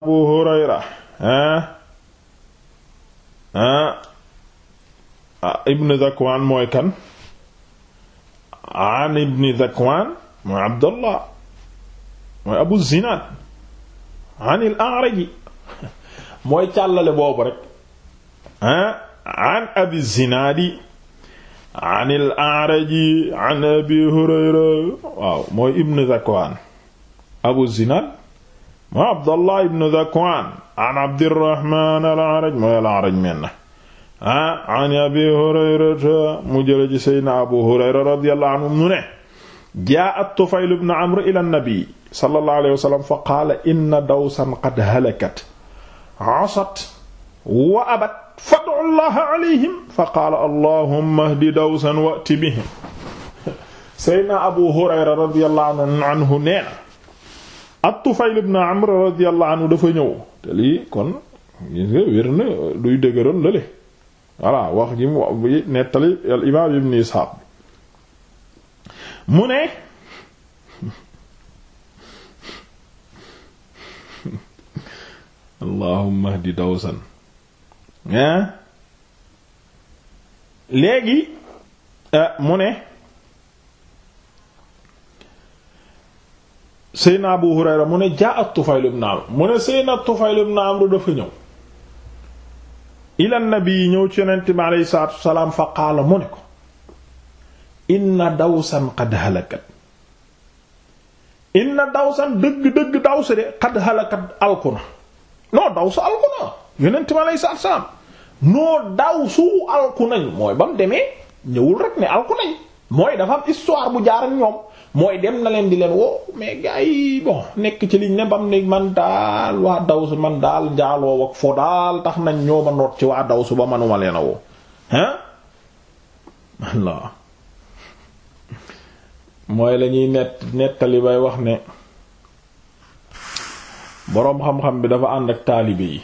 abu hurayra ah ah ibn zakwan mooy kan an ibn zakwan mooy abdullah mooy abu zinad an il a'raji mooy càllale boobu rek ah an abi zinaadi an il a'raji an abi hurayra waaw mooy ibn zakwan abu zinad moo Abdallah ibn Zakwan an Abdirahman al-A'raj mooy al-A'raj men na ah an Abi Hurayrata mu jële ci Seydina Abu Hurayra radiyallahu anhu mu ne jaa'at Tufayl ibn Amr ila an-nabi sallallahu alayhi wa sallam fa qaala inna dawsan qad halakat asat wa abat fad'u Allah alayhim fa qaala allahumma ihdi dawsan wa'ti bihim Seydina Abu Hurayra radiyallahu anhu nee na at-Tufayl Amr radiyallahu dafa ñëw te lii kon gis nga wér na duy dëgëral lële voilà wax ji mu nettali al ibn Ishaq mu ne allahumma hdi dawsan léegi euh, mu ne Seyna Abu Hurayra mu ne jaa at Tufayl ibn mu ne Seyna Tufayl ibn dafa ñëw ila nabi ñëw ci yonent bi aleyhi salaatu wasalaam fa qaala mu ne ko inna dawsan qad halakat inna dawsan dëgg-dëgg dawsa de qad halakat alkuna noo dawsa alkuna yonent bi aleyhi salaatu wasalaam noo dawsu alkunañ mooy ba mu demee ñëwul rek ne alkunañ mooy dafa am bu jaar ak ñoom mooy dem na leen di leen woo mais gars yi bon nekk ci liñ ne bam ne man daal waa dawsu man daal njaaloo ak fo daal tax nañ ñoo ma noot ci waa dawsu ba manuma leen a woo hein Allah mooy lañuy nett nettali bay wax ne boroom xam-xam bi dafa ànd ak taalibe yi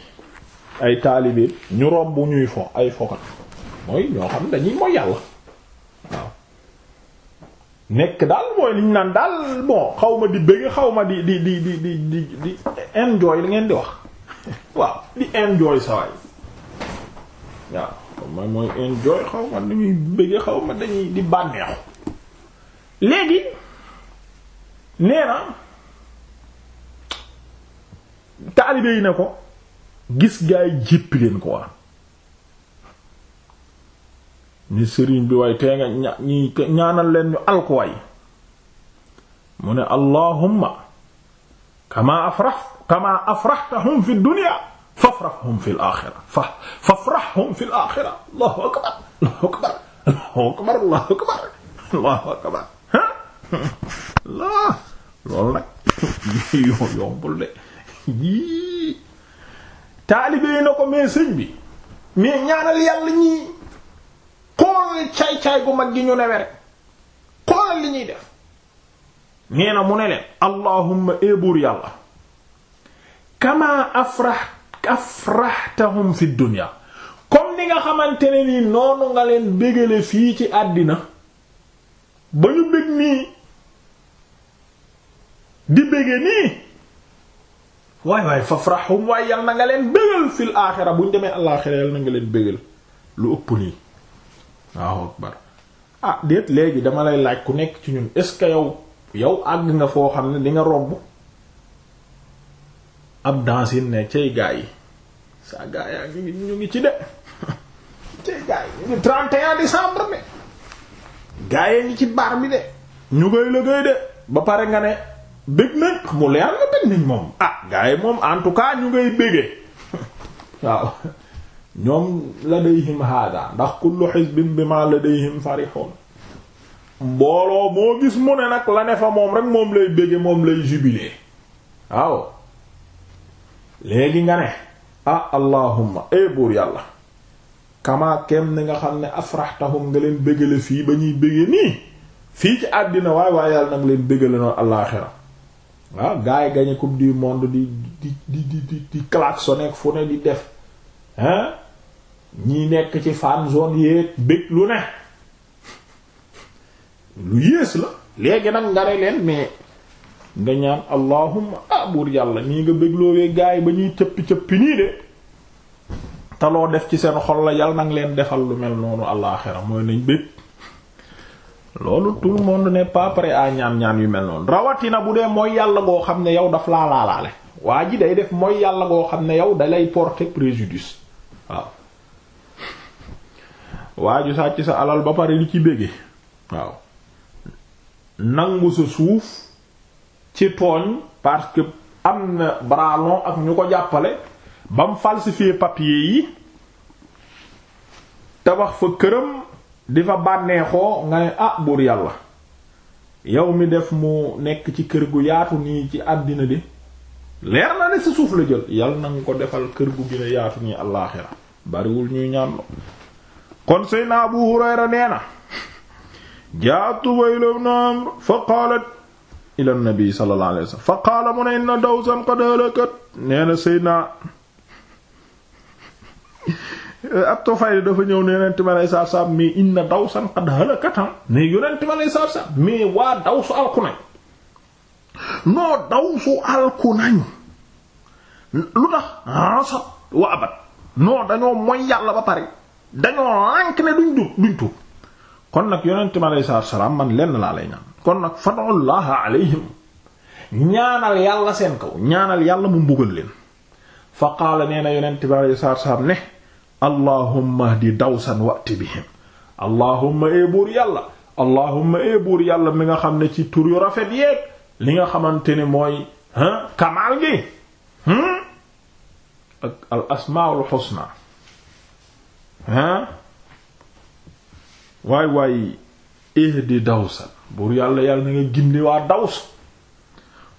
ay taalibe ñu romb ñuy fo ay fokat mooy ñoo xam dañuy mooy yàlla nekk daal mooy liñ naan daal bon xaw ma di bëgg xaw ma di di di di di enjoy li ngeen di wax waaw di enjoy sawaay waaw xaw ma mooy enjoy xaw ma dañuy bëgg xaw ma dañuy di bànneexu léegi nee na ne ko gis gaay jéppi leen ko waa ni sëriñ bi waaye tee nga ñi ñaanal leen ñu alkuwaay mu ne allahumma kama afrah kama afrahtahum fi dunya fafrahhum fi al fi al allahu akbar allahu akbar allahu akbar allahu akbar allahu akbar la loolu de yii taalibe yi bi mais ñaanal yàlla ñii xoolal caay-caay gu mag gi ñu newe rek xoolal li ñuy def nee na mu ne leen allahumma eebuur yàlla kama afrax afraxtahum fi dunya comme ni nga xamante ne nii noonu nga leen bégale fii ci àddina ba ñu bég nii di bége nii waay waay fafraxum waaye yal na nga leen bégal fil aaxira bu ñu demee alaaxira yal na nga leen bégal lu ëpp nii waaw akbar ah déet léegi dama lay laaj ku nekk ci ñun est-ce que yow yow àgg nga foo xam ne di nga romb ab dansin ne cay gaa yi sa gaa yaa ngi ñu ngi ci de cay gaa yi ñu 31 décembre ne gaa yi ngi ci baar bi de ñu ngay liggéey de ba pare nga ne bëgg nañ mu leer na bëgg moom ah gaa yi moom en tout cas ñu ngay bëggee waaw ñoom ladayhim hada ndax kullu hizbin bima ladayhim farihun mbooloo moo gis mu ne nag la ne fa moom rek moom lay bége moom lay jubilé waaw léegi nga ne ah allahumma e buur yàlla kama kem ni nga xam ne afraxtahum nga leen bégale fii ba ñuy bége nii fii ci àddina waaye waaye yàlla nag leen bégale noonu àllaaxira waaw gaay gañe coupe du monde di di di di di klaxonner fu ne di def hein ñi nekk ci fan zone yéeg bëgg lu ne lu yées la léegi nag nga ne leen mais nga ñaan allahumma ah buur yàlla nii nga bégloowee gaa yi ba ñuy cëppi cëpp nii de taloo def ci seen xol la yal nag leen defal lu mel noonu àlaxira mooy nañ bég loolu tout le monde n'est pas prêt à ñaan ñaan yu mel noonu rawatina bu dee mooy yàlla goo xam ne yow daf laa laalaale waa ji day def mooy yàlla goo xam ne yow dalay porter préjudice waaw waa ju sàcc sa alal ba pare li ci bége waaw nangu sa suuf ci tooñ parce que am na bras ak ñu ko jàppale bam mu falsifier papier yi tabax fa këram di fa bànneexoo nga ne ah, buur yàlla yow mi def mu nekk ci kër gu yaatu nii ci àddina de leer na ne sa suuf la jël yàlla na ko defal kër gu gën a yaatu nii àllaaxira bariwul ñuy ñaan kon Seydina Abu Hurayra nee na jaa'at Tubayl ibn Amr fa qaalat ila nabi sallallahu alayhi fa qaala mu ne inna Dawsan qad halakat nee ab Tufayl dafa ñëw ne yonent bi alayhi salaatu salaam mais inna Dawsan qad halakat ah, ne yonent bi alayhi salaatu salaam mais waa noo dañoo mooy yàlla ba pare dañoo rànk ne duñ dub duñ tuub kon nag yonent mi aleyhi salaam man lenn laa ñaan kon nag fad'ullaha alayhim ñaanal yàlla seen kaw ñaanal yàlla mu mbugal leen fa qaala nee na yonent bi aleyhi salaatu salaam ne allahumma hdi dawsan wa'ti bihim allahumma ee buur yàlla allahumma ee buur yàlla mi nga xam ne ci tur yu rafet yeeg li nga xamante ni mooy kamaal gi hmm, ak al asmaul husna ah waay waay ihdi dawsa buur yàlla yàlla na nga gindi waa daws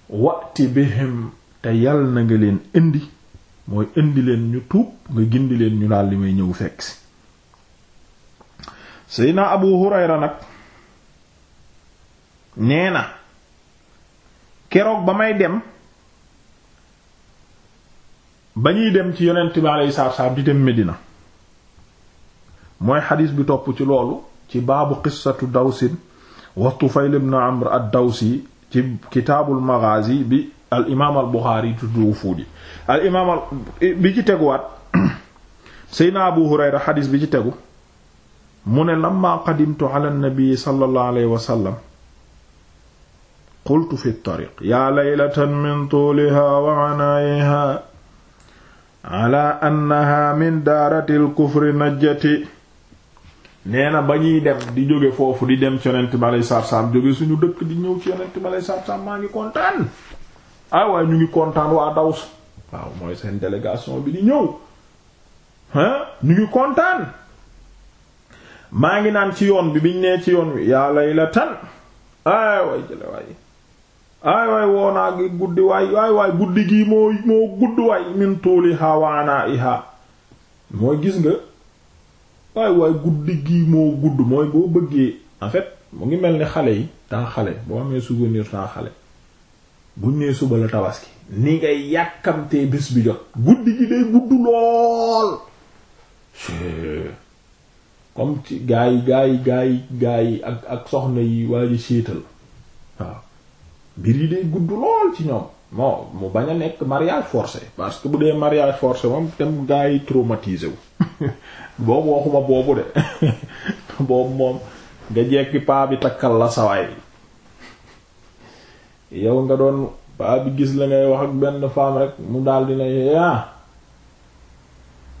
wati bihim te yàlla na nga leen indi mooy indi leen ñu tuub nga gindi leen ñu daal li may ñëw fekk si Seydina Abu Hurayra nag nee na keroog ba may dem ba ñuy dem ci yonent bi alayhi salaatu salaam di dem Medina mooy xadis bi topp ci loolu ci baabu qissatu dawsin wa tufayl ibn amr ad-dawsi ci kitaabul maghazi bi al imaam al buxaari tuddu wufuudi al imaam al bi ci teguwaat seydna abu hurayra xadis bi ci tegu mu ne lamma qadimtu ala nabi sallallahu alayhi wa sallam qultu fi tariq yaa laylatan min tuuliha wa anaayiha ala annaha min daarati al kufri najjati nee na ba ñuy dem di jóge foofu di dem ci yonent bi aleyhi jóge suñu dëkk di ñëw ci yonent bi aleyhi salaatu maa ngi kontaan ah waaye ñu ngi kontaan waa Daws waaw mooy seen délégation bi di ñëw ah ñu ngi kontaan maa ngi naan ci yoon bi biñ nee ci yoon wi yaa laylatan ay waay jële waay ay waay woonaa gi guddi waay waay guddi gi moo moo gudd waay min tuuli ha waanaa iha mooy gis nga waaye waaye guddi gi moo gudd mooy boo bëggee en fait mu ngi mel ni xale yi temps xale boo amee souvenir temps xale buñ nee suba la tabaski ni ngay yàkkamtee bés bi jot guddi gi day gudd lool comme ci gaa yi gaa yi ak ak soxna yi waa ji séetal waaw mbir yi day gudd lool ci ñoom bon mu bañ a nekk mariage force parce que bu dee mariage forcé moom tam gaa yi traumatisé wu boobu waxuma boobu de boobu moom nga jekki paa bi takkal la sawaay yow nga doon paa bi gis la ngay wax ak benn femme rek mu daal dina ah, yaa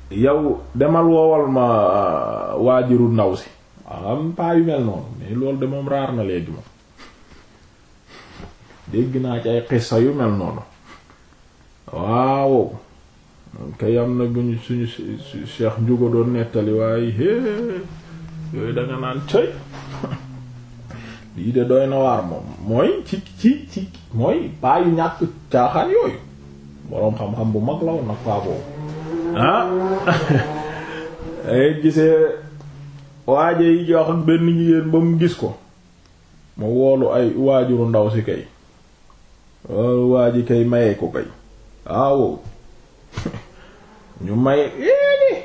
yow demal woowal ma euh, waajuru ndaw si am paa yu mel noonu mais loolu de moom raar na léegi moom dégg naa ci ay xissa yu mel noonu waaw kay am na bu ñu suñu cheikh njugo doon nettali waaye é yooyu danga naan cay lii de doy na moom mooy ci ci ci mooy paa ñàkk caaxaan yooyu boroom xam-xam bu mag la nag paa boobu ah ay gisee waaje yi jox benn jigéen ba mu gis ko mu woolu ay waajuru ndaw si kay waaw waa ji kay mayee ko kay waaw ñu may éni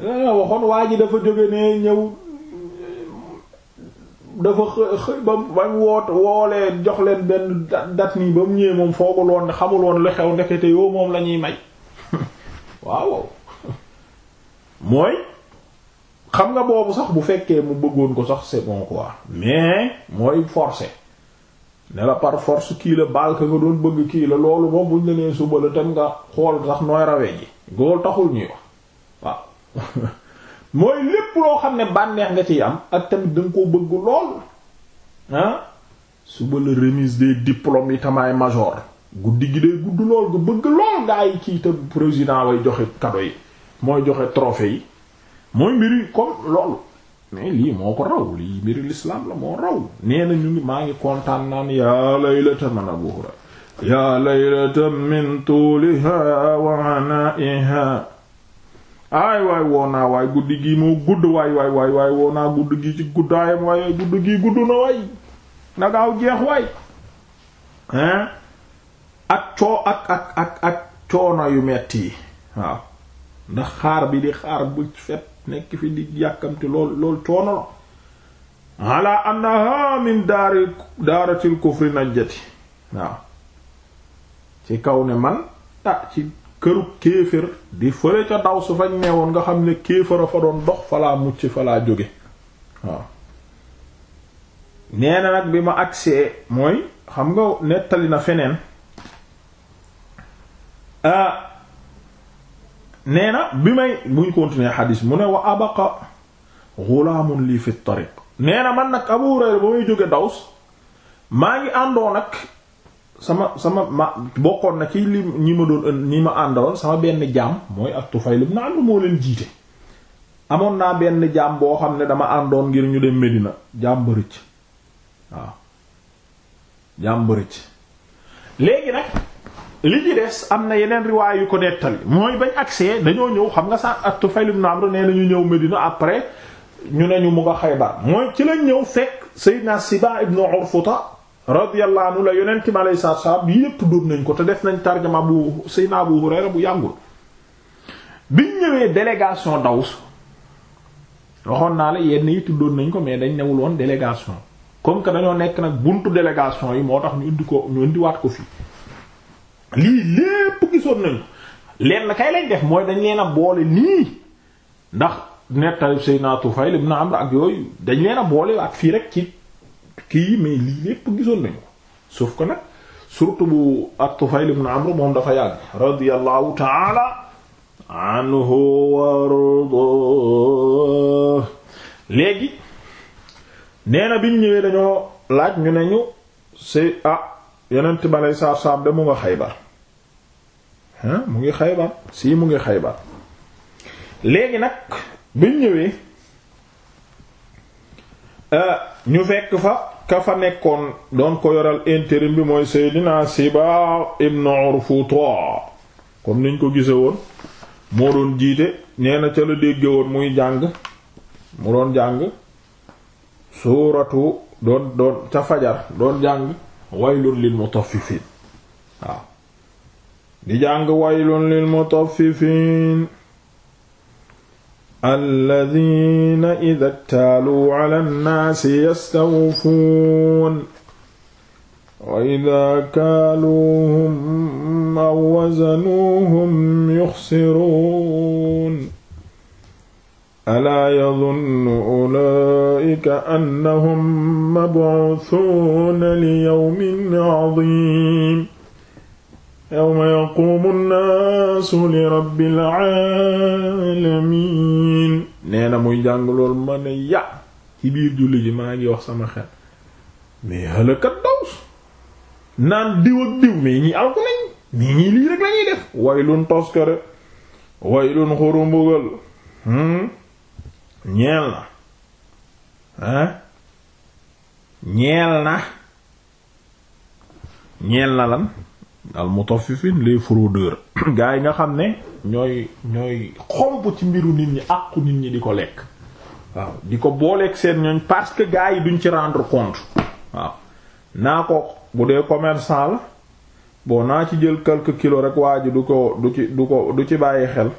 la waxoon waa ji dafa jóge ne ñëw dafa xëy ba bañ woot woolee jox leen benn dat nii ba mu ñëwee moom foogul woon xamul woon lu xew ndekete yoo moom lañuy ñuy may waaw mooy xam nga boobu sax bu fekkee mu bëggoon ko sax c'est bon quoi mais mooy forcer ne la par force kii la baal ka nga doon bëgg kii la loolu moom buñ la nee suba la tam nga xool sax nooy rawee ji góor taxul ñuy wax waaw mooy lépp loo xam ne bànneex nga ci am ak tamit da nga koo bëgg lool ah suba la remise des diplômes yi tamaay major guddi gi day gudd lool nga bëgg lool gaa yi kii te président way joxe kado yi mooy joxe trophée yi mooy mbir yi comme loolu mais lii moo ko raw lii mbiri l'islam la moo raw nee na ñu maa ngi kontaan naan yaa laylata man Abu Hurayra yaa laylata min tuuliha wa anaiha aay waay woonaa waay guddi gi moo gudd waay waay waay waay woonaa guddi gi ci guddaayam waay guddi gi gudd na waay na jeex waay hein ak coo ak ak ak ak coono yu metti yi waaw ndax xaar bi di xaar bu fet nekk fi di yàkkamte lool lool coono la ala annaha min daari daaratil kufri najjati waaw ci kaw ne man ah ci këru kéefër di fële ca daw su fañ neewoon nga xam ne kéefër a fa doon dox falaa mucc falaa jóge waaw nee nag bi ma agsee mooy xam nga nettali na feneen ah nee na bi may buñ continuer xadiis mu ne wa abaqa ghulaamun lii fi tariq nee na man nag Abu Hurayra ba muy jóge Daws maa ngi àndoon nag sama sama ma bokkoon na ci li ñi ma doon ñi ma àndaloon sama benn jaam mooy ak Tufayl ibn Amr moo leen jiite amoon naa benn jaam boo xam ne dama àndoon ngir ñu dem Medina jaam bërëcc waaw jaam bërëcc léegi nag li ci des am na yeneen riwaay yu ko nettali mooy bañ agsee dañoo ñëw xam nga sa ak Tufayl ibn Amr nee nañu ñëw Medina après ñu ne ñu mu nga Xaybar mooy ci lañ ñëw fekk Seydina Siba ibn Urfuta radiyallahu anhu la yonent mi alayhi salaatu salaam yépp nañ ko te def nañ tarjama bu Seydina Abu Hurayra bu yàngul biñ ñëwee délégation Daws waxoon naa la yenn yi tuddoon nañ ko mais dañ newul woon délégation comme que dañoo nekk nag buntu délégation yi moo tax ñu indi ko ko fii lii lépp gisoon nañu lenn kay lañ def mooy dañ leen boole nii ndax nettali Seydina Tufayl ibn Amr ak yooyu dañ leen a boole ak fii rek ci kii mais lii lépp gisoon nañu sauf que nag surtout bu ak Tufayl ibn moom dafa yàgg radiyallahu ta'ala anhu warda léegi nee biñ ñëwee dañoo laaj ñu ne ñu c'est ah yonent bi aleyhi salaatu salaam de mu nga Xaybar mu ngi Xaybar si mu ngi Xaybar léegi nag biñ ñëwee euh, ñu fekk fa ka fa nekkoon doon ko yoral intérim bi mooy Seydina Siba ibn Urfuta kon niñ ko gise woon moo doon jiite nee na ca la dégge woon muy jàng mu doon jàng suuratu doon doon ca fajar doon jàng waylun lil mutaffifin waaw di jàng waylun lil mutaffifin alladina ida ktaaluu ala nnaasi yastawfuun wa ida kaaluuhum aw wazanuuhum yuxsiruun alaa yadunnu ulaa'ika annahum mab'uthuuna li yawmin 'adhiim yawma yaquumu nnaasu li rabbil 'aalamiin nee na muy jàng lool ma ne ya ci biir julli ji maa ngi wax sama xel mais halakat daws naan diw ak diw mais ñi alku nañ nii ñii lii rek lañuy def waylun toskare waylun xurumbugal hmm? ñeel na ah ñeel na ñeel na lan al mutaffifin les fraudeurs gars yi nga xam ne ñooy ñooy xomp ci mbiru nit ñi àqu nit ñi di ko lekk waaw di ko booleeg seen ñooñ parce que gaa yi duñ ci rendre compte waaw naa ko bu dee commerçant la naa ci jël quelques kilo rek waa ji du ko du ci du ko du ci bàyyi xel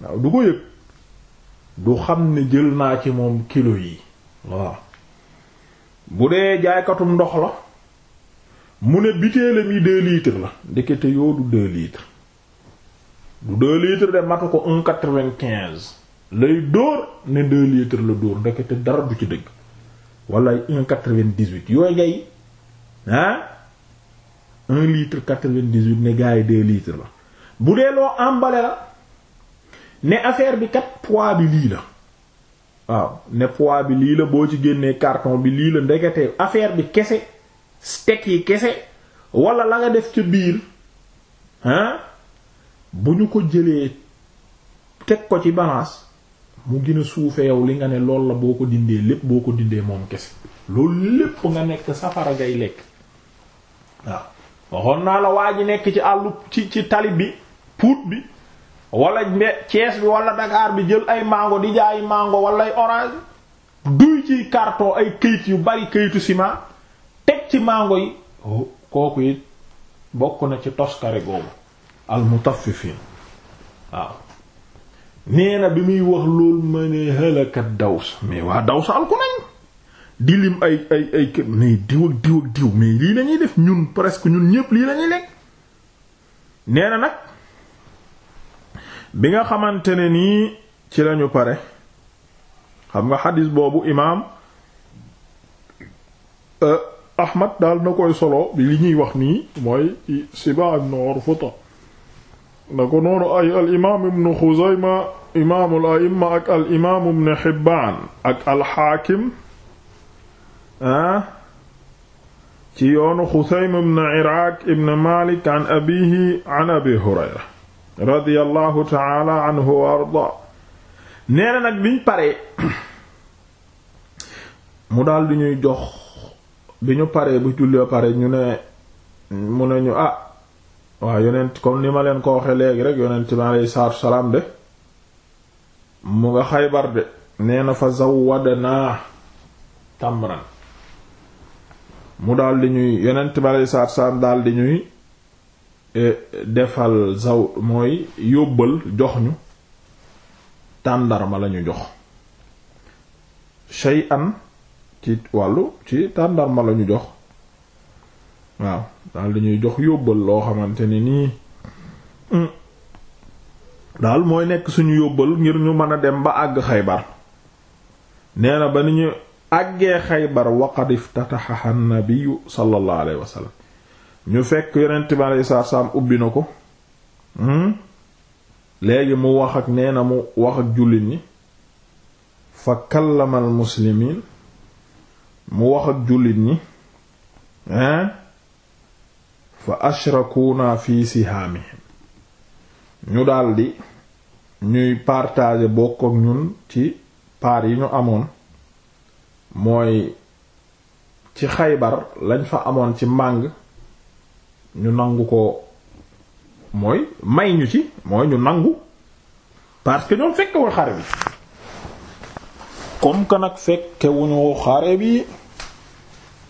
waaw du ko yëg du xam ne jël naa ci moom kilo yi waaw bu dee jaaykatum ndox la mu ne bitéelam yi deux litres la ndekete yoo du deux litres du deux litres de matu ko un quatre-vingt-quinze lay dóor ne deux litres la dóor ndekete dara du ci dëgg wala un quatre-vingt-dix-huit yooyu ngay un litre quatre-vingt-dix-huit ne gaa yi deux la bu dee loo emballé la ne affaire bi kat poids bi lii la waaw ne poids bi lii la boo ci génnee carton bi lii la ndekete affaire bi kese steak yi kese wala la nga def ca biir hein bu ñu ko jëlee teg ko ci balance mu gën a yow li nga ne lool la boo ko dindee lépp boo ko dindee moom kese loolu lépp nga nekk safara ngay lekk waaw waxoon naa la waa ji nekk ci àllu ci tali bi puut bi wala mbe Cees bi wala Dakar bi jël ay mango di jaayi mango wala ay orange duy ci carton ay këyit yu bari këyitu ciment teg ci mango yi oh, kooku yi bokk na ci toskare googu al mutaffifin waaw nee na bi muy wax loolu ma ne halakat daws mais waa daws alku nañ di lim ay ay ay kër mais diw ak diw ak diw mais lii lañuy def ñun presque ñun ñépp lii lañuy lekk nee na nag bi nga xamante ne nii ci lañu pare xam nga xadis boobu imaam euh, Ahmad daal na koy solo bi li ñuy wax nii mooy Sibaa ibn Urfuta na ko noonu ay al imaam ibn Xuzayma imaamul ak al imaam ibn ak al ah, ci yoonu Xusaym ibn Iraaq ibn Maalik an abiihi an Abii Hurayra radiyallahu taala anhu wa arda nee na nag biñ paree mu daal di ñuy jox bi ñu paree bu julli ba pare ñu ne mu ne ñu ah waaw yonent comme ni ma leen ko waxe léegi rek yonent bi aleyhi salaatu salaam de mu nga xaybar de nee na fa zawwadanaa tamran mu dal di ñuy yonent bi aleyhi salaatu salaam di ñuy E, defal zaw mooy yóbbal jox ñu tàndarma lañu jox an ci wàllu ci tàndarma lañu jox waaw daal dañuy jox yóbbal loo xamante ni nii hmm. daal mooy nekk suñu yóbbal ngir ñu mën a dem ba àgg xaybar neena ba ni ñu àggee xaybar waqad iftataha an-nabiyyu sallallahu alayhi wa ñu fekk yonent bi alayhi na ko hmm? léegi mu wax ak nee mu wax ak jullit ñi fa kallama al muslimiin mu wax ak jullit ñi fa hmm? fa ashrakuuna fi sihaamihim ñu daldi ñuy partager bokk ak ñun ci paar yi ñu amoon mooy ci xaybar lañ fa amoon ci mbàng ñu nangu ko mooy may ñu ci mooy ñu nangu parce que ñoom fekkewul xare bi comme que nag fekkewuñu xare bi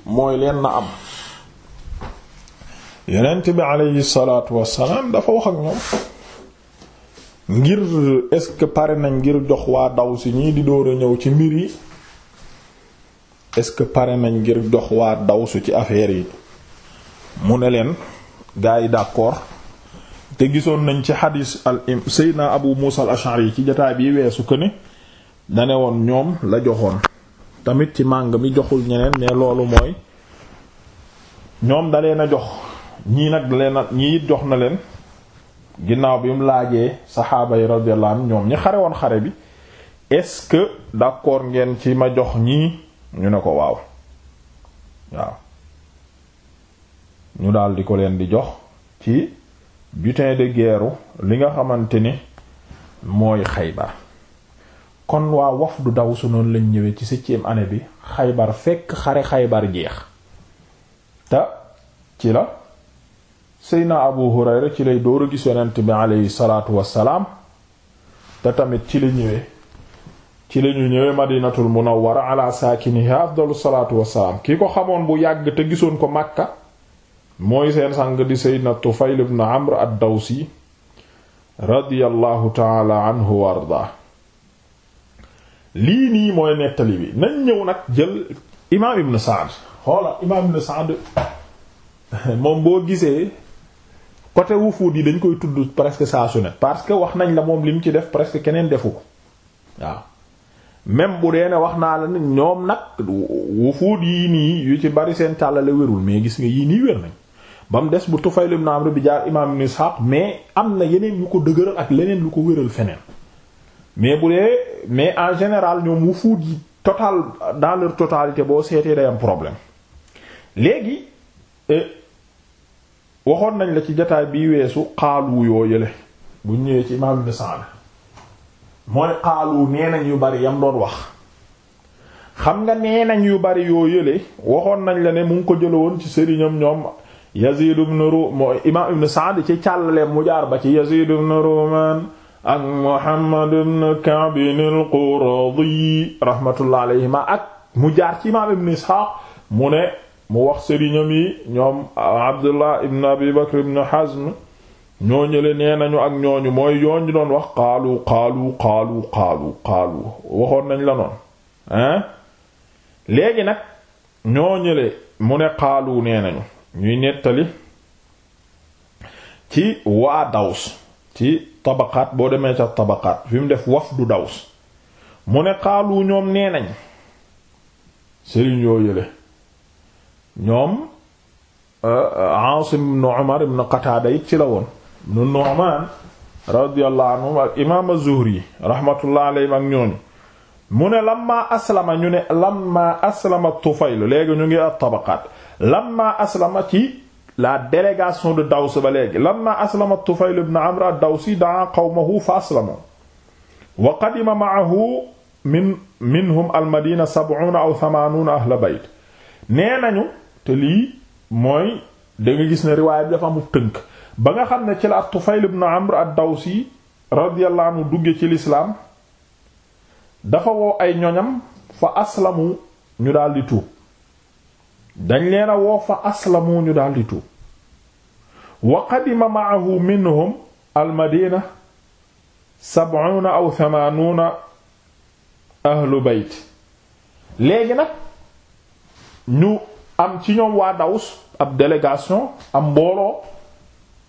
mooy leen na am yonent bi aleyhi salaatu wassalaam dafa wax ak ñoom ngir est-ce que pare nañ ngir jox waa daw si ñii di door ñëw ci mbir yi est-ce que pare nañ ngir jox waa daw ci affaire yi mu ne leen gaa yi d'accord te gisoon nañ ci xadiis al seydna abu muusa al ashari ci jataay bi weesu ko ne dane woon ñoom la joxoon tamit ci màng mi joxul ñeneen mais loolu mooy ñoom da leen a jox ñii nag da leen a ñii jox na leen ginnaaw bi mu laajee saxaaba yi radiyallahu ñoom ñi xare woon xare bi est-ce que d'accord ngeen ci ma jox ñii ñu ne ko waaw waaw ñu daal di ko leen di jox ci butin de guerre li nga xamante ni mooy Xaybar kon waa daw su noonu lañ ñëwee ci septième année bi Xaybar fekk xare Xaybar jeex te ci la Seyna Abu Hurayra ci lay door a gis yonent bi aleyhi salaatu wassalaam te tamit ci la ñëwee ci la ñu ñëwee Madinatul Munawwara ala saakiniha afdalu salaatu wassalaam ki ko xamoon bu yàgg te gisoon ko Makka mooy seen sang di seydna Tufayl ibn Amr ad-Dawsi radiyallahu taala anhu wa ardaa lii nii mooy nettali bi nañ ñëw nag jël imaam ibn Saad xoola imaam ibn Saad moom boo gisee côté wufuud yi dañ koy tudd presque saa su ne parce que wax nañ la moom li mu ci def presque keneen defu ko waaw même bu dee ne wax naa la ne ñoom nag wufuud yii nii yu ci bari seen tàllale wérul mais gis nga yii nii wér nañ ba mu des bu Tufayl ibn Amr bi jaar imaam ibn Ishaq mais am na yeneen yu ko dëgëral ak leneen lu ko wéral feneen mais bu dee mais en général ñoom fuut yi total dans leur totalité boo seetee day problème léegi euh, waxoon nañ la ci jataay bi weesu xaalu yoo yële bu ñëwee ci imaam ibn Sa'd mooy xaalu nee nañ yu bari yam doon wax xam nga nee nañ yu bari yoo yële waxoon nañ la ne mu ngi ko jëlawoon ci sëriñam ñoom Yazid ibn Ruman ci càllale mu jaar ba ci Yazid ibn Ruman ak Muhammad ibn Ka'b al-Quradi rahmatullah alayhima ak mu jaar ci imaam ibn Ishaq mu ne mu wax sëriñam yi ñoom Abdullah ibn Abi Bakr ibn Hazm ñooñu le nee nañu ak ñooñ mooy yooñu doon wax qaalu qaalu qaalu qaalu qaalu waxoon nañ la noonu hein léegi nag ñooñu le mu ne qaalu nee nañu ñuy nettali ci waa daws ci tabaqaat boo demee ca tabaqaat fi mu def wafdu daws mu ne xaalu ñoom nee nañ sëriñ yoo yële ñoom euh, Aasim ibn Umar ibn Qataada it ci la woon nu Nu'maan radiyallahu anhu ak imaam zuhri rahmatullahi alayhi ak ñooñu mu ne lamma aslama ñu ne lamma aslama Tufayl léegi ñu ngi at tabaqaat lamma aslama ci la délégation de Daws ba léegi lamma aslama Tufayl ibn Amr ad-Dawsi daa qawmahu fa aslamu wa qadima ma'ahu min minhum al-Madina aw thamaanuna ahla bayt nee nañu te lii mooy da gis ne riwaaya bi dafa amul tënk ba nga xam ne ci la Tufayl ibn Amr ad-Dawsi radiyallahu dugge ci lislaam dafa woo ay ñoñam fa aslamu ñu daldi tuub dañ leen a woo fa aslamu ñu daldi tuub wa qadima ma'ahu minhum almadina sab'una aw ahlu bayt léegi nag ñu am ci ñoom waa Daws ab délégation am mbooloo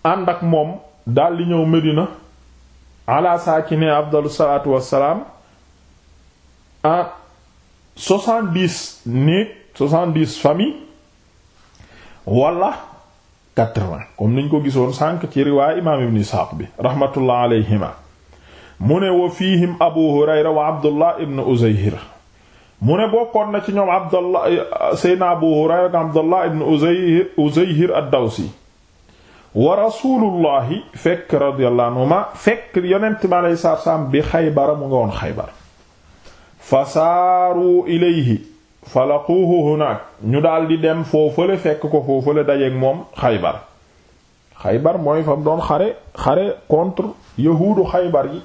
ànd ak moom daldi ñëw Medina ala saakine afdalu salaatu wassalaam à soixante soixante-dix famille wala niñ ko gisoon sànq ci riwaay imaam ibn Isaaq bi rahmatullah alayhima mu ne wa fiihim Abu Hurayra wa Abdullah ibn Uzayr mu ne bokkoon na ci ñoom Abdullah Abu Hurayra ak Abdullah ibn Uzayr Uzayr ad-Dawsi wa rasulullahi fekk radiyallahu anhuma fekk yonent bi alayhi salaam bi Xaybara mu nga woon Xaybar fasaaru ilayhi falaquuhu hunaak ñu daal di dem foofale fekk ko foofale dajeek moom xaybar xaybar mooy fa mu doon xare xare contre yahuudu xaybar yi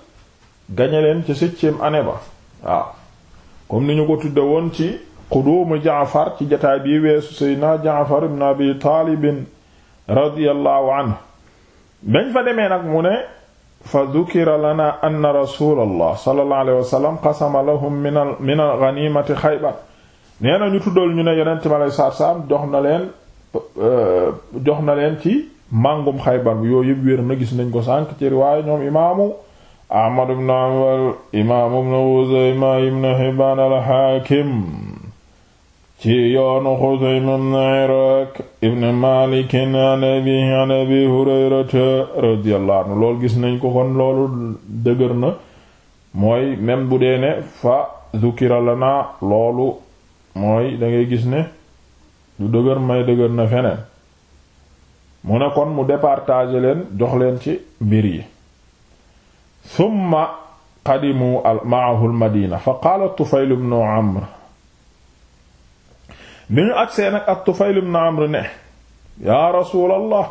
gañe leen ci septième année ba waaw comme ni ñu ko tudde woon ci quduumu jaafar ci jataay bi weesu seydina jaafar ibn abi taalibin radiyallahu anhu bañ fa demee nag mu ne fa dukira lana anna rasulallah sallallahu alayhi wasallam qasama lahum min al min al ghanimati xaybar nee na ñu tuddal ñu ne yeneen ci malay saam jox na leen euh, jox na leen ci màngum xaybar bi yooyu yëpp wér na gis nañ ko sànq ci riwaaye ñoom imaamu ahmad ibn anwal imaam ibn xuzayma ibn hibaan al-haakim ci yoonu xuzayma ibn ibn malik an abihi an abi hurayrata gis nañ ko kon loolu dëgër na mooy même bu dee ne fa zukira loolu mooy da gis ne du dëgër may dëgër na feneen mu ne kon mu départager leen jox leen ci mbir yi summa qadimu maahu almadina fa qaala tufayl ibn amr bi ñu agsee nag ak tufayl ibn amr ne yaa rasuulallah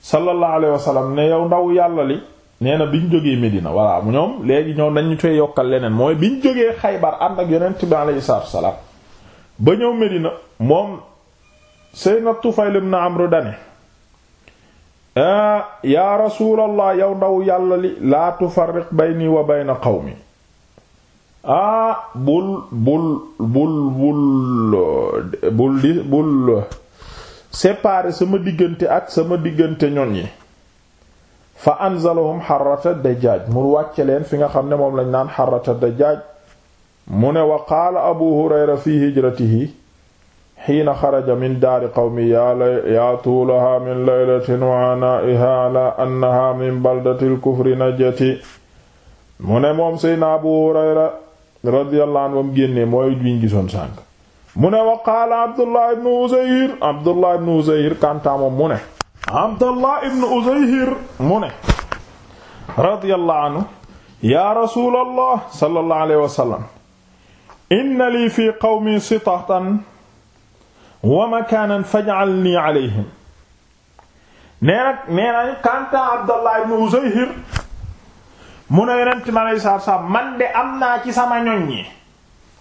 sallallahu alayhi ne yow ndaw yàlla li nee na bi ñu jógee Medina voilà ñoom léegi ñoom dañu toy yokkal leneen mooy bi ñu jógee Xaybar ànd ak yeneen bi alayhi salaatu wa salaam ba ñëw Medina moom Seydina Tufayl ibn Amr dane ah, yaa rasuulallah yow ndaw yàlla li laa tufarriq bayni wa bayna qawmi aa ah, bul bul bul bul bul di bul séparer sama diggante ak sama diggante ñoñ yi fa anzalahum xarata dajaaj mu wàcce leen fi nga xam ne moom lañ naan xarata dajaaj mu ne wa qaala abu hurayra fi hijratihi xiina xaraja min daari qawmi yaa tuulaha min laylatin wa anaa'iha ala annaha min baldatil kufri najati mu ne moom seydna abu hurayra radiyallahu anhu bam génnee mooy biñ gisoon sànk mu ne wa qaala abdullah ibn uzayr abdullah ibn uzayr kantaa moom mu ne abdullah ibn uzayr mu ne radiyallahu anhu yaa rasuulallah sallallahu alayhi wa sallam inna lii fi qawmi sitatan wa makaanan faj'alnii alayhim nee nag nee nañ kanta Abdallah ibn Uzayhir mu ne yonent mi alayhi salaatu man de am naa ci sama ñoñ yi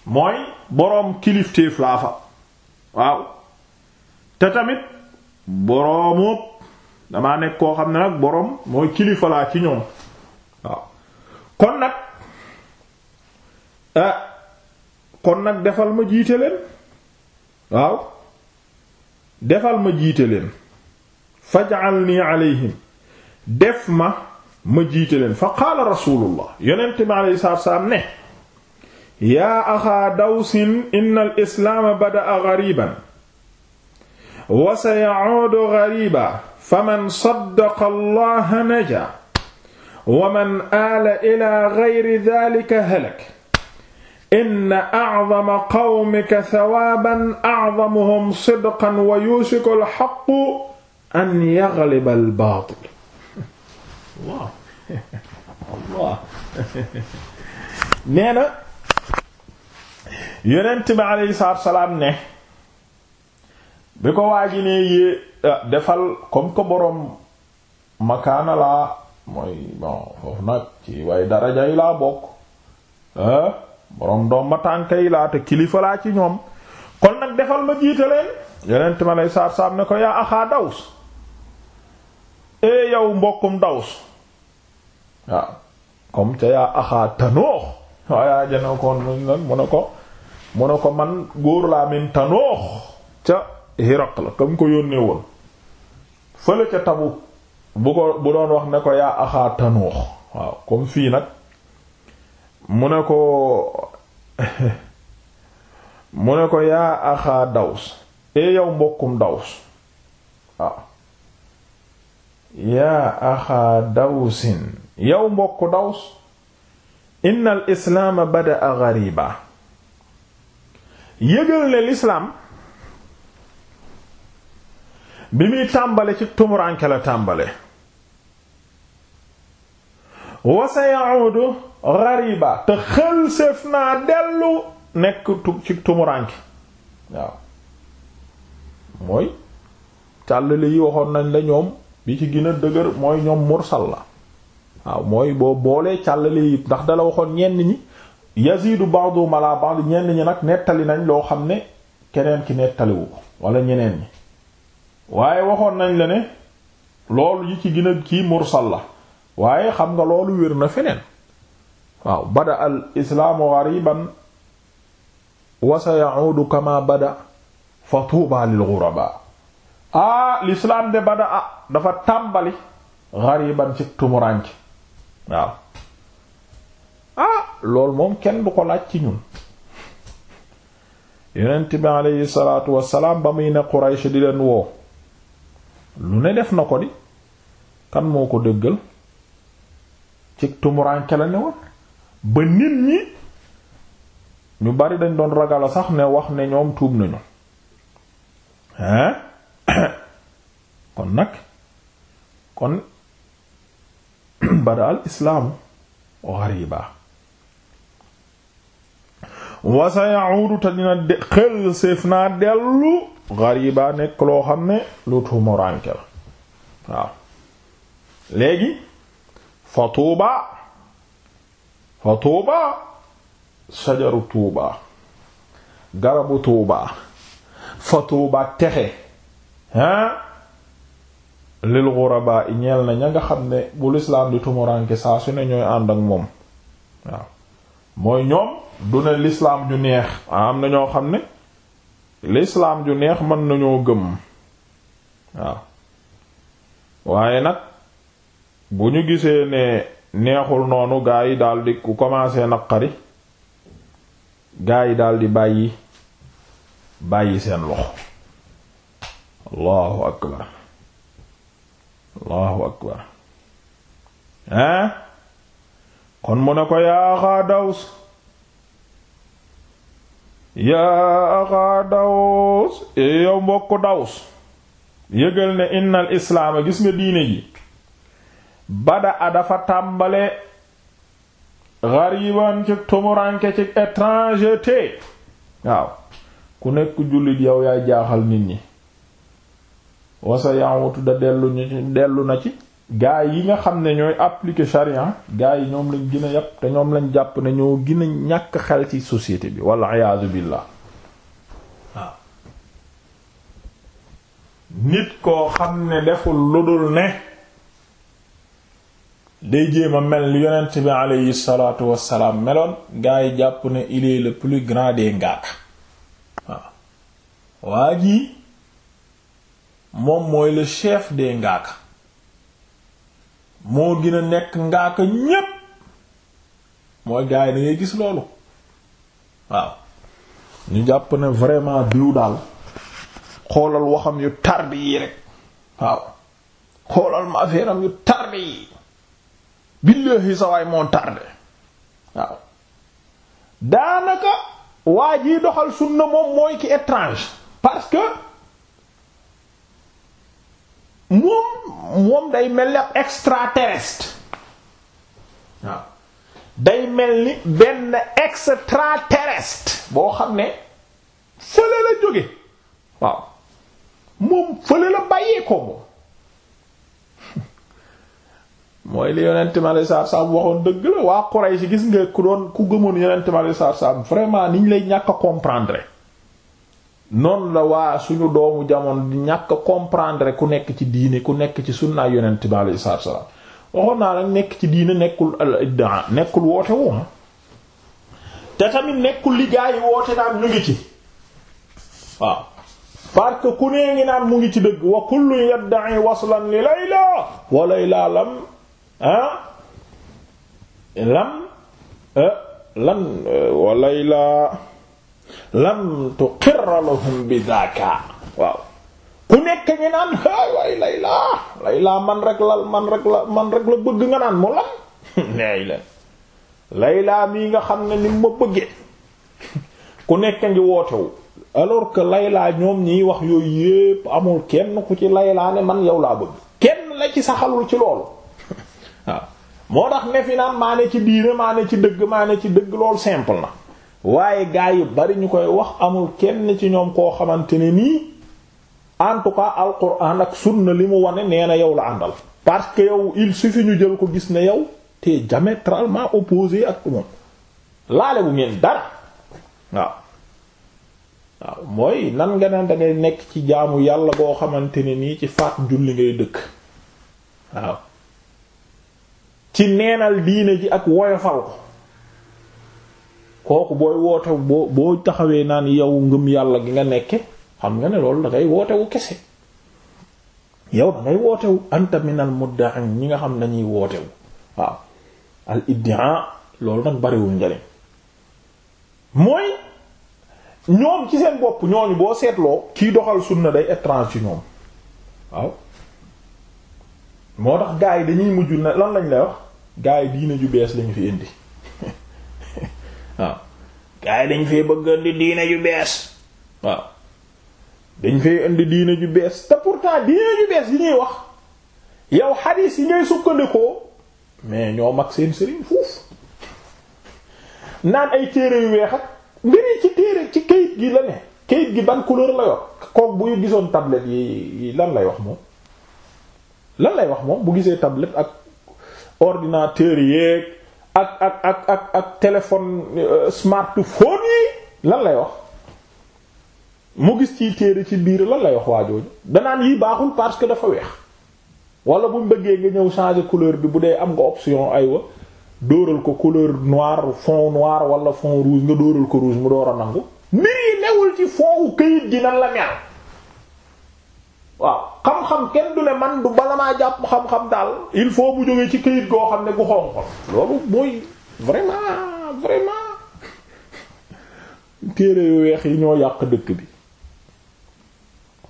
mooy boroom kilifteef laa fa waaw te tamit boroomu damaa nekk koo xam ne nag boroom mooy kilifa laa ci ñoom kon nag eh, kon nag defal ma jiite leen waaw defal ma jiite leen faj'alni alayhim def ma ma jiite leen fa qaala rasulullah yonent bi alayhi salaatu salaam ne yaa axaa dawsin inna al islaama bada'a ghariban wa saya'uudu ghariba faman saddaqa allaha naja wa man aala ila ghayri dhalika halak inna a'zama qawmika thawaaban a'zamuhum sidqan wa yusiku al-haqqu an yaghliba al-baatil waaw waaw nee na yonent bi aleyhi salaatu salaam ne bi ko waa ji ne yee ah, defal comme que boroom makaana laa mooy bon foofu nag ci waaye daraja yi laa bokk ah. borom doom ma tànk yi laa te kilifa laa ci ñoom kon nag defal ma jiite leen yonent ma saar saar ne ko yaa axaa daws ee yow mbokkum daws waaw comme ca yaa axaa tanoox waaye yaa jane ko mu ne ko mu ne ko man góor laa min tanoox ca Hiraql la comme ko yónnee woon fële ca Tabuk bu ko bu doon wax ne ko yaa axaa tanoox waaw comme fii nag mu ne ko mu ne ko yaa axaa daws e yow mbokkum daws waaw ah. yaa axaa dawsin yow mbokku daws inna al islaama badaa gariba ne lislaam bi muy tàmbali ci tumuraanke la tàmbale wa sayaudu ghariba te xel seef naa dellu nekk tu ci tumuranki waaw mooy càllale yi waxoon nañ la ñoom bi ci gën a dëgër mooy ñoom mursal la waaw mooy boo boolee càllale yi ndax dala waxoon ñenn ñi yazidu ba'du mala ba'd ñenn ñi nag nettali nañ loo xam ne keneen ki nettaliwu ko wala ñeneen ñi waaye waxoon nañ la ne loolu yi ci gina a kii mursal la waaye xam nga loolu wér na feneen waaw bada al islaamu ghariban wa sa ya'udu kama bada fa tuuba lil ghuraba aa lislaam de bada a dafa tàmbali ghariban ci tumuraanke waaw ah loolu moom kenn du ko laaj ci ñun yonent bi aleyhi salaatu wassalaam ba muy ne Quraysh di leen woo lu ne def na ko di kan moo ko dëggal ci tumuraanke la ne woon ba nit ñi ñu bari dañ doon ragala sax ne wax ne ñoom tuub nañu hein kon nag kon bada al islaamu ghariba wa sa ya'udu xel séef naa dellu ghariba nekk loo xam ne lu tuumaranke la waaw léegi fa tuuba fa tuuba sajaru tuuba garabu tuuba fa tuuba texe ah lil ghuraba i ñeel na ña nga xam ne bu lislaam di tumuranke saa su ne ñooy ànd ak moom waaw mooy ñoom du ne lislaam ju neex ah, am na ñoo xam ne lislaam ju neex mën nañoo gëm waaw waaye nag bu ñu gisee ne neexul noonu gaa yi daldi ku commencé naqari gaa yi daldi bàyyi bàyyi seen loxo allahu akbar allahu akbar hein kon mu ne ko yaa axaa daws yaa axaa daws eh, yow mbokk daws yëgal ne innal islaama gis nga diine ji bada a dafa tàmbale gariban ci tumuranke ci étrangeté waaw ku nekk jullit yow yaay jaaxal nit ñi wasa yaawutu da dellu ñu dellu na ci gaa yi nga xam ne ñooy appliquer charia gaa yi ñoom lañ gën a yàpp te ñoom lañ jàpp ne ñoo gën a ñàkk xel ci société bi walla ayaazu billah waaw nit koo xam ne deful ludul ne day jéem a mel yonent bi aleyhi salaatu wassalaam meloon gaa yi jàpp ne il est le plus grand des ngaaka waaw waa jii moom mooy la chef des ngaaka moo gën nekk ngaaka ñépp mooy gaa yi da gis loolu waaw ñu jàpp ne vraiment diw daal xoolal waxam yu tardi yi rek waaw xoolal ma affaire am yu tardi yi billaahi sa waay waaw daanaka waa ji doxal sunna moom mooy ki étrange parce que moom moom day mel ni ab extraterrestre waaw day mel ni benn extraterrestre boo xam ne fële la jóge waaw moom fële la bàyyee moom mooy li yonent mi alayhi waxoon dëgg la waa Quraysh gis nga ku doon ku gëmoon yonent mi alayhi salaatu salaam vraiment niñ lay ñàkk a comprendre noonu la waa suñu doomu jamono di ñàkk a comprendre ku nekk ci diine ku nekk ci sunnaay yonent mi alayhi salaatu waxoon naa nag nekk ci diine nekkul al nekkul woote woon te tamit nekkul li gaa yi woote naan ñu ngi ci waaw parce que ku nee ngi naan mu ngi ci dëgg wa kullu yadda'i waslan li layla wa layla lam ah lam lam walay la lam tuqirra lahum bi daaka waaw ku nekk ngi naan ay waay laylaa laylaa man rek la man rek la man rek la bëgg nga naan mu lan neey leen laylaa mii nga xam ne ni ma bëggee ku nekk ngi wootewu alors que laylaa ñoom ñiy wax yooyu yépp amul kenn ku ci laylaa ne man yaw laa bëgg kenn la ci saxalul ci loolu moo tax ne fi naan maa ne ci diine maa ne ci dëgg maa ne ci dëgg loolu simple na waaye gaa yu bari ñu koy wax amul kenn ci ñoom koo xamante ne nii en tout cas alquran ak sunna li mu wane neena na yow la àndal. parce que yow il suffit ñu jël ko gis ne yow te diamétralement opposé ak moom laale bu ngeen dara waaw waaw mooy nan nga naan da ngay nekk ci jaamu yàlla boo xamante ne nii ci faat julli ngay dëkk waaw. ci neenal diine ji ak woyofal ko kooku booy woote boo boo taxawee naan yow ngëm yàlla gi nga nekke xam nga ne loolu da ngay wootewu kese yow da ngay wootewu anta minal ñi nga xam dañuy wootewu waaw al iddia loolu nag bariwul njariñ mooy ñoom ci seen bopp ñooñu boo seetloo kiy doxal sunna day étrange ci ñoom waaw moo tax gaa yi dañuy mujj na lan lañ lay wax gaa yi diine ju bees lañu fi indi waaw gaa yi dañ fee bëgg indi diine ju bees waaw dañ fee indi diine ju bees te pourtant diine ju bees yi ñuy wax yow xadiis yi ngay sukkandikoo mais ñoo mag seen sëriñ foofu naan ay téere yu weex ak ci téere ci kayit gi la ne kayit gi ban couleur la yor kook buy gisoon tablette yi lan lay wax moom lan lay wax moom bu gisee tablette ak ordinateur yeeg ak ak ak ak ak téléphone euh, smartphone yi lan lay wax mu gis ciy téere ci biir lan lay wax waajooju danaan yi baaxul parce que dafa weex wala bu mu bëggee nga ñëw changer couleur bi bu dee am nga option aywa dóoral ko couleur noir fond noir wala fond rouge nga dóoral ko rouge mu door a nangu mbir yi newul ci fond këyit gi la mel waaw xam-xam kenn du ne man du bala maa jàpp xam-xam daal il faut bu jógee ci kayit goo xam ne gu xonq loolu mooy vraiment vraiment téere yu weex yi ñoo yàq dëkk bi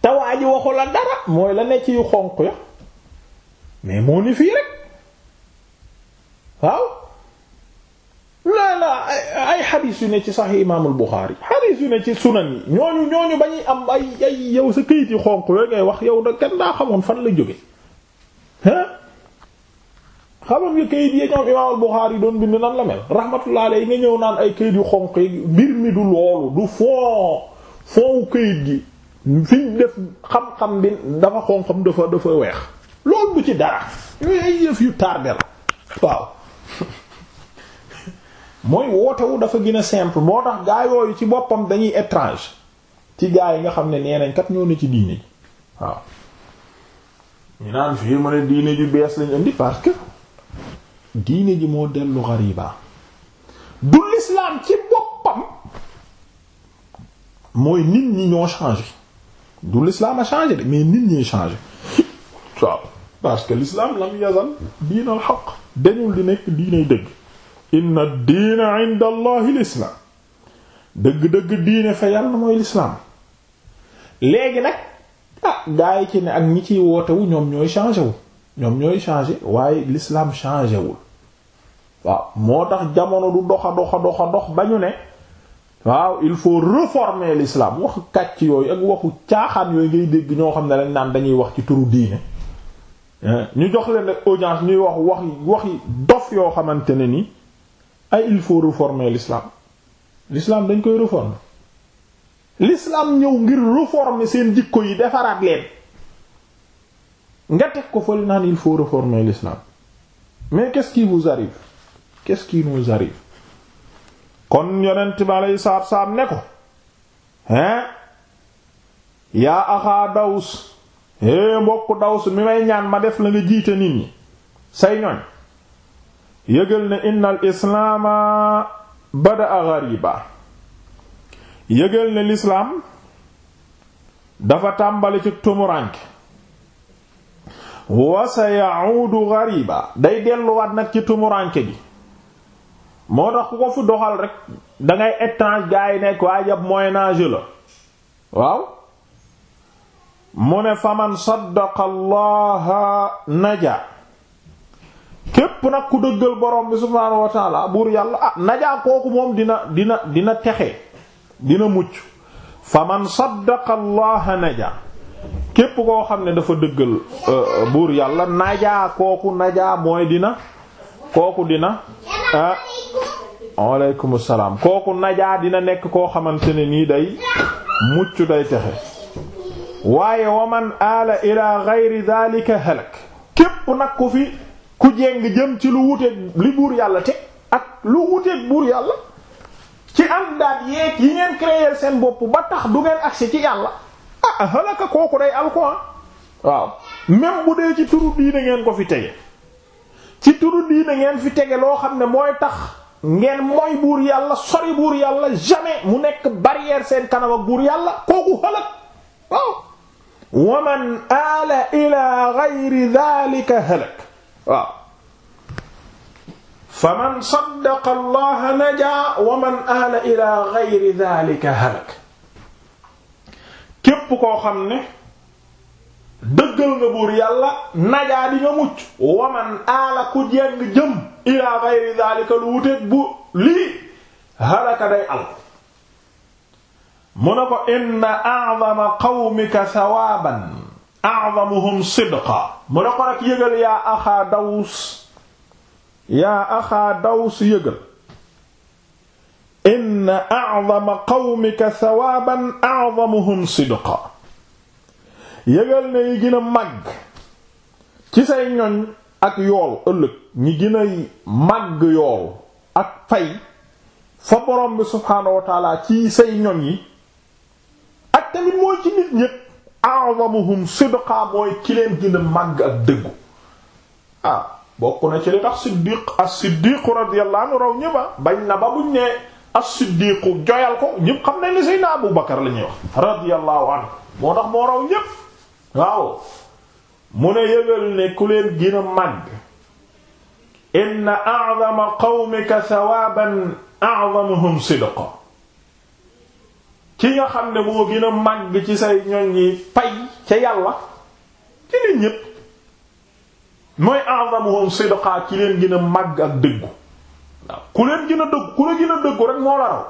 tawaa ji waxu la dara mooy la nekk ci yu xonq ya mais moo ni fii rek waaw laa laa ay xadiis yu ne ci sax imaamul Buxaari xadiis yu ne ci sunan yi ñooñu ñooñu ba ñuy am ay ay yow sa këyit yu xonq yooyu ngay wax yow da kenn daa xamoon fan la jóge ah xamoon nga këyit yi doon bind nan la mel nga ñëw naan ay këyit yu xonq yi mbir mi du loolu du fond fondu këyit gi fi def xam-xam bi dafa xonqam dafa dafa weex loolu bu ci dara yooyu yëf yu tardé la waaw mooy wootewu dafa gën a simple moo tax gaa yooyu ci boppam dañuy étrange ci gaa yi nga xam ne nee ñoo ne ci diine ji waaw ñu naan fii ma ne diine ji bees lañ indi parce que diine ji moo dellu xariba du l'islam ci boppam mooy nit ñi ñoo changé du l'islam a changé de mais nit ñi changé waaw parce que l'islam lam yazal diinal xaq dañul di nekk diinay dëgg inna diina inda dëgg-dëgg diine fa yàlla mooy lislaam léegi nag ah gaa ci ne ak ñi ciy wootewu ñoom ñooy changé wu ñoom ñooy changé waaye lislaam changé wul waaw moo tax jamono du doxa doxa doxa dox ba ñu ne waaw il faut réformer l'islam waxu kàcc yooyu ak waxu caaxaan yooyu ngay dégg ñoo xam ne dañ naan dañuy wax ci turu diine eh, ñu jox leen rek audience ñuy wax wax waxi dof yoo xamante ne ni ay il faut réformer l'islam l'islam dañ koy réformer l'islam ñëw ngir réformer seen jikko yi defaraat leen nga teg ko fële naan il faut réformer l'islam mais qu'est-ce qui vous kon yonent bi aleyhi salaatu salaam ne ko hein yaa axaa dawus é eh, mbokk dawus mi may ñaan ma def la nga jiite nit ñi say ñoñ yëgal ne innal islaama bada'a ghariba yëgal ne lislaam dafa tàmbali ci tumuranke wa sa ya'udu ghariba day delluwaat nag ci tumuranke gi moo tax ku ko fu doxal rek dangay étrange gaa yi nekk waa yab moyen la waaw mu ne faman saddaqa allaha naja képp nag ku dëggal borom bi subhaanahu wa buur yàlla ah najaa kooku moom dina dina dina texe dina mucc fa man saddaqa allaha naja képp koo xam ne dafa dëggal euh, buur yàlla najaa kooku najaa mooy dina kooku dina ah waaleykum salaam kooku najaa dina nekk koo xamante ne nii day mucc day texe waaye waman aala ila gayri dalika halak képp nag ku fi ku jéng jëm ci lu wuteeg li buur yàlla te ak lu wuteeg buur yàlla ci am daat yeeg yi ngeen créer seen bopp ba tax du ngeen accès ci yàlla ah, ah halaka kooku day alquran waaw même bu dee ci turu diine ngeen ko fi tege ci turu diine ngeen fi tege loo xam ne mooy tax ngeen mooy buur yàlla sori buur yàlla jamais mu nekk barrière seen kanam ak buur yàlla kooku halak waaw waman aala ila ghayri dhalika halak waaw fa man saddaqa allaha najaa wa man aala ila gayri dalika halak képp koo xam ne dëggal nga buur yàlla najaa di nga mucc wa man aala ku jeng jëm ila gayri dalika lu wuteet bu lii halaka day al mu na ko inna a'zama qawmika sawaaban a'zamuhum sidqa mu ne ko nag yëgal yaa axaa yëgal inna a'zama yëgal ne yi gën a ci say ñoñ ak yool ëllëg ñi gën a màgg yool ak fay fa borom bi subhaanahu ci say ñoñ yi ak tamit mooy ci nit ñépp a'zamuhum sidqa mooy ki leen gën a màgg ak dëggu ah bokk na ci li tax siddiq as-siddiq radiyallahu anhu raw ñëpp ah, bañ na ba buñ ne as-siddiq joyal ko ñëpp xam nañ ne Seydina Abu Bakar la ñuy wax radiyallahu anhu moo tax moo raw ñëpp waaw mu ne yëgal ne ku leen gën a màgg inna a'zama qawmika thawaban a'zamuhum sidqa ki nga xam ne moo gën a màgg ci say ñoñ yi pay ca yàlla ci nit ñépp mooy a'zamuhum sidqa ki leen gën a màgg ak dëggu waaw ku leen gën a dëgg ku la gën a dëggu rek moo la raw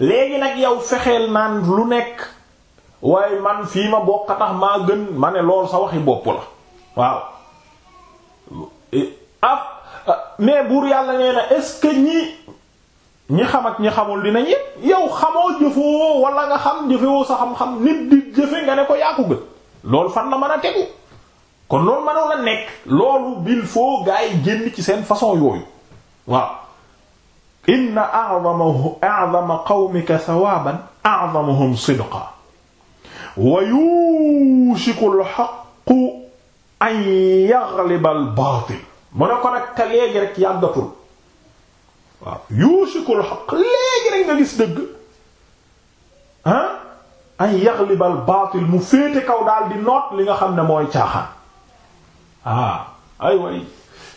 léegi nag yow fexeel naan lu nekk waaye man fii ma bokk tax maa gën ma ne lool sa waxi bopp la waaw eh, af ah, ah, buur yàlla nee na est ñi xam ak ñi xamul dina yépp yow xamoo jëfoo wala nga xam jëfewoo sa xam-xam nit di jëfe nga ne ko yaaku gën loolu fan la mën a tegu kon loolu mënoon la nekk loolu bil foo ay yi ci seen façon yooyu waaw inna a a'zama qawmika thawaban a'zamuhum sidqa wa yushiku al-haqqu an yaghliba al-batil mu waaw yuusikul xaq léegi rek nga gis dëgg ah ay yaxlibal baatil mu féete kaw daal di noot li nga xam ne mooy caaxaan ah ay way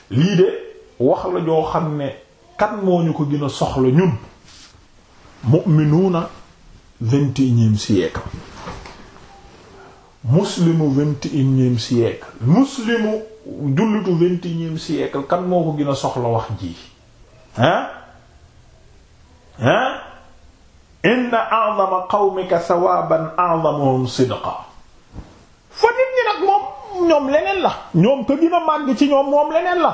lii de wax la joo xam ne kan moo ñu ko gën a soxla ñun mu'minuuna vingt et unième siècle muslimu vingt et unième siècle muslimu jullitu vingt et unième siècle kan moo ko gën a soxla wax ji ah ah inna a'zama qawmika ci ñoom leneen la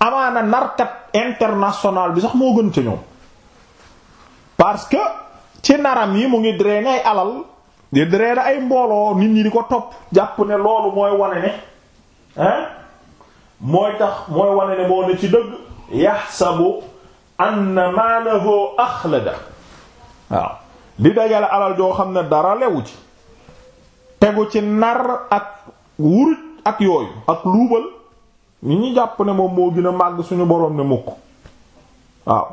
amaana narkat international bi sax moo gën ca ñoom parce que ci naram yi mu ngi drainer ay alal di drainer ay mbooloo nit ñi di ko topp jàpp ne loolu mooy wane ne hein mooy tax mooy wane ne moo ne ci dëgg yaxsabu anna maalahu axlada waaw di dajale alal joo xam ne dara lewu ci tegu ci nar ak wuruj ak yooyu ak luubal ñi ñu jàpp ne moom moo gën màgg suñu boroom ne mukk waaw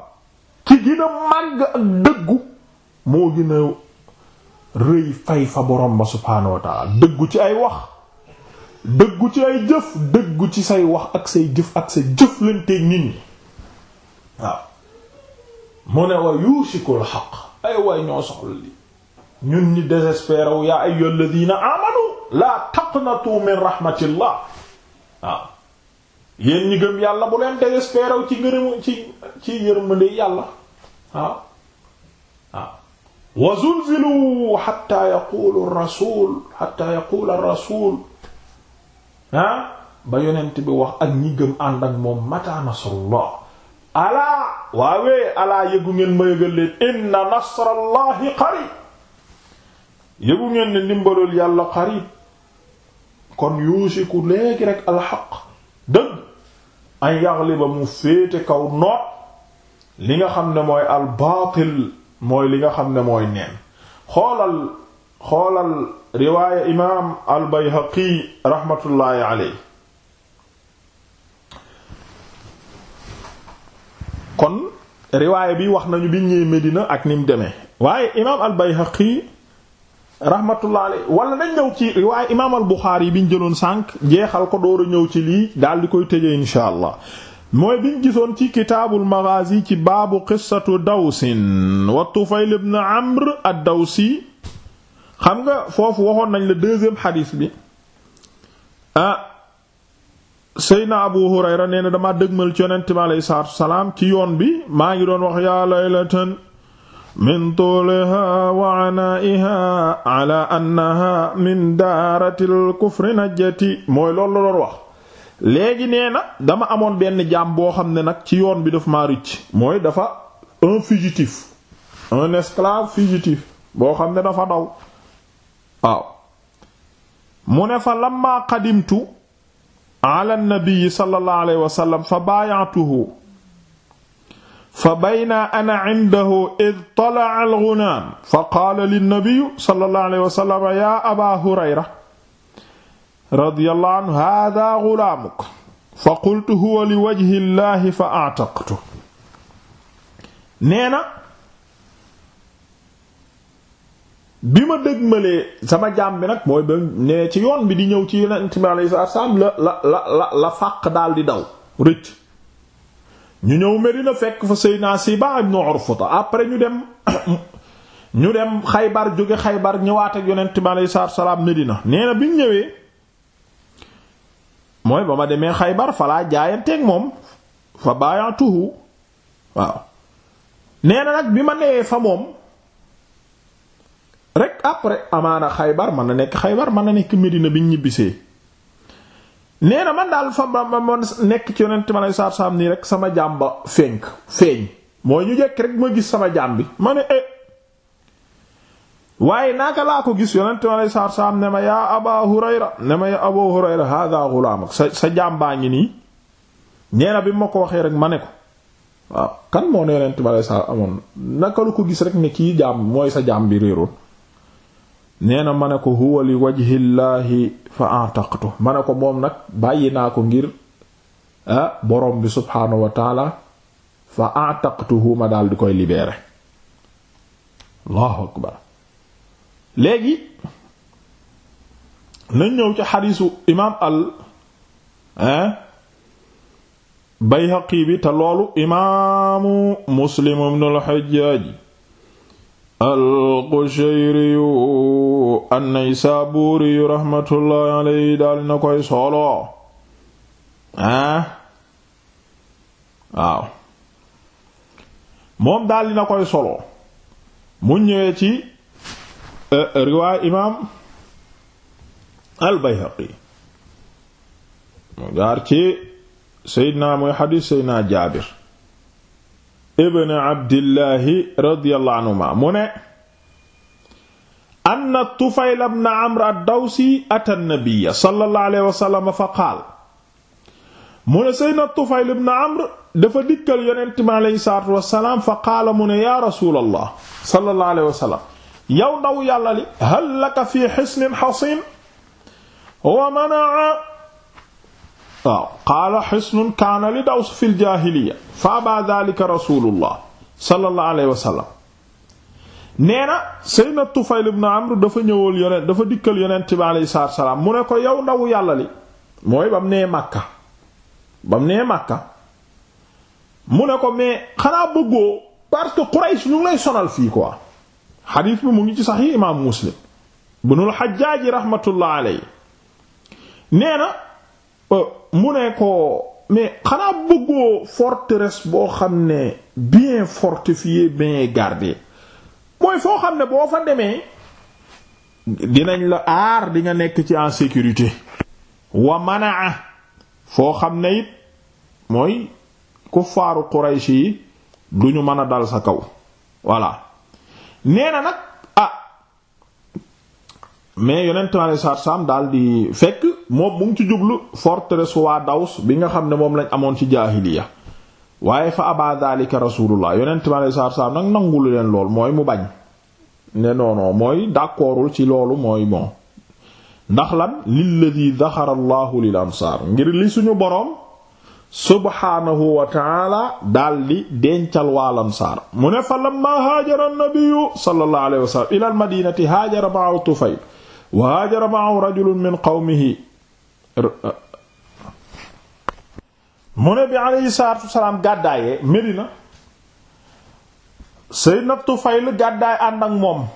ki gën màgg ak dëggu moo gën a rëy fay fa borom ba subhaanahu wa dëggu ci ay wax dëggu ci ay jëf dëggu ci say wax ak say jëf ak sa jëflanteeg nit ñi waaw mu ne wa yuusikul xaq ay waay ñoo soxla li ñun ñi désespéré wu yaa ayyuhal ladina amanu la taqnatu min rahmatillah waaw yéen ñi gëm yàlla bu leen désespéré ci ngërëmu ci ci yërmande yàlla waaw waaw wa zulzilu hatta yaqulu rasul hatta yaqula rasul ah ba bi wax ak ñi gëm ànd ak moom mata nasrullah ala waawee alaa yëgu ngeen ma yëgal leen inna nasrallahi qarib yëgu ngeen ne ndimbalul yàlla qarib kon yuusiku léegi rek alxaq dëgg an yaghliba mu féete kaw noot li nga xam ne mooy albaatil mooy li nga xam ne mooy neen xoolal xoolal riwaaya imaam albayhaqi raxmatullaahi alayhi kon riwaay bi wax nañu biñ ñëwee Medina ak ni mu demee waaye imaam al-Bayhaqi rahmatullah wala dañ ñëw ci riwaay imaam al-Bukhari yi bi ñu jëloon sànq jeexal ko door ñëw ci lii daal di koy tëjee insha allah mooy biñ gisoon ci kitaabul maghazi ci baabu qissatu dawsin wa Tufayl ibn Amr ad-Dawsi xam nga foofu waxoon nañ la deuxième xadiis bi ah, Seyna Abu Hurayra nee na dama dëgmal ci yonent bi aleyhi salaam ci yoon bi maa ngi doon wax yaa laylatan min tuuliha wa anaa'iha ala annaha min daaratil kufri najjati mooy loolu la doon wax léegi nee na dama amoon benn jaam boo xam ne nag ci yoon bi dafa maa rëcc mooy dafa un fugitif un esclave fugitif boo xam ne dafa daw waaw mu ne fa lamma qadimtu ala nabi sallallahu alayhi wa sallam fa baayatuhu fa bayna ana indahu id tala'a al-ghunaam fa qaala linnabiyu sallallahu alayhi wa sallam yaa abaa hurayra radiyallahu anhu haadaa ghulaamuk fa qultu huwa li wajhi llaahi fa a'taqtu neena bi ma dëgmalee sama jaam bi nag mooy ba ci yoon bi di ñëw ci yonent bi alayhi la la la la la daal di daw ñu ñëw Medina fekk fa Seydina Siba ibn Urfuta ñu dem ñu dem Xaybar jóge Xaybar ñëwaat ak yonent bi alayhi salaam Medina na bi ñu ñëwee mooy ba ma demee Xaybar falaa jaayanteeg moom fa baayaatuhu waaw nee nag bi ma newee fa moom. rek après amaana xaybar man na nekk xaybar ma na nekk Medina bi ñibbisee nee na man daal fa ma ma nekk ci yonent ma lay saar saam nii rek sama jaam ba ñu jekk rek ma gis sama jaam bi ma ne eh waaye naaka laa ko gis yonent ma lay saar ne ma yaa Aba Hurayra ne ma yaa sa sa jaam baa ngi nii nee bi ma ko waxee rek ma ne ko waaw kan moo ne yonent ma lay saar amoon naka lu ko gis rek ne kii jaam mooy sa jaam bi réeroon nee na ma ne ko huwa li wajhillaahi fa antaqtu ma ne ko moom nag bàyyi naa ko ngir ah borom bi subhaanahu wa taala fa antaqtuhu ma daal di koy libeere allahu akbar léegi nañ ñëw ci xadiisu imaam al ah bayhaqi bi te loolu imaamu muslim ibnul xajjaaj alqushayriyu nay naysaabuuriyu raxmatullaahi alayhi daal na koy solo ah moom daal na koy solo mu ñëwee ci euh, riwaay imaam al-Bayhaqi mu jaar muy xadiis Seydina Jaabir ibn abdillahi radiyallahu anhuma mu ne anna tufayl ibn amr ad-dawsi ata an-nabiyya sallallahu alayhi wa sallam fa qaal mu ne seydna tufayl ibn amr dafa dikkal yonent mi alayhi salaatu wasalaam fa qaala mu ne yaa rasuulallah sallallahu alayhi wa sallam yow ndaw yàlla li hal laka fi hisnin hasin wa manaa waaw qaala xisnun kaana li daws fi ljaahiliya fa abaa dalika rasulullah sallallahu alayhi wa sallam nee na seydna tufayl ibn amr dafa ñëwal yonent dafa dikkal yonent bi alayhi salaatu salaam mu ne ko yow ndawu yàlla li mooy ba mu nee màkka ba mu nee màkka mu ne ko mais xanaa bëggoo parce que Quraysh lay sonal fii quoi xadiis bi mu ngi ci saxiix imaamu muslim ibnul xajjaaji raxmatullah alayhi nee na Euh, mu ne ko mais xanaa bëggoo forteresse boo xam ne bien fortifiée bien gardée mooy foo xam ne boo fa demee dinañ la aar di nga nekk ci en sécurité wa manaa foo xam ne it mooy kuffaaru Quraysh yi du ñu mën a dal sa kaw voilà nee nag ah mais yonent mi aleyhi salaatu salaam daal di fekk moom mu ngi ci jublu forteresse waa Daws bi nga xam ne moom lañ amoon ci jaahiliya waaye fa aba daalika rasulullah yonent mi alayhi salaatu salaam nag nangulu leen lool mooy mu bañ ne non mooy d'accordul ci loolu mooy bon ndax lan lilladi daxara allahu lil ansaar ngir li suñu boroom subhaanahu wa taala daldi dencal waal ansaar mu ne fa lamma haajara nabiyu sallallahu alayhi wa sallam ila al wa haajara ma'ahu rajulun min qawmihi Uh, mu ne bi alayhi salaatu wasalaam gàddaayee Medina Seydina Tufayl gàddaay ànd ak moom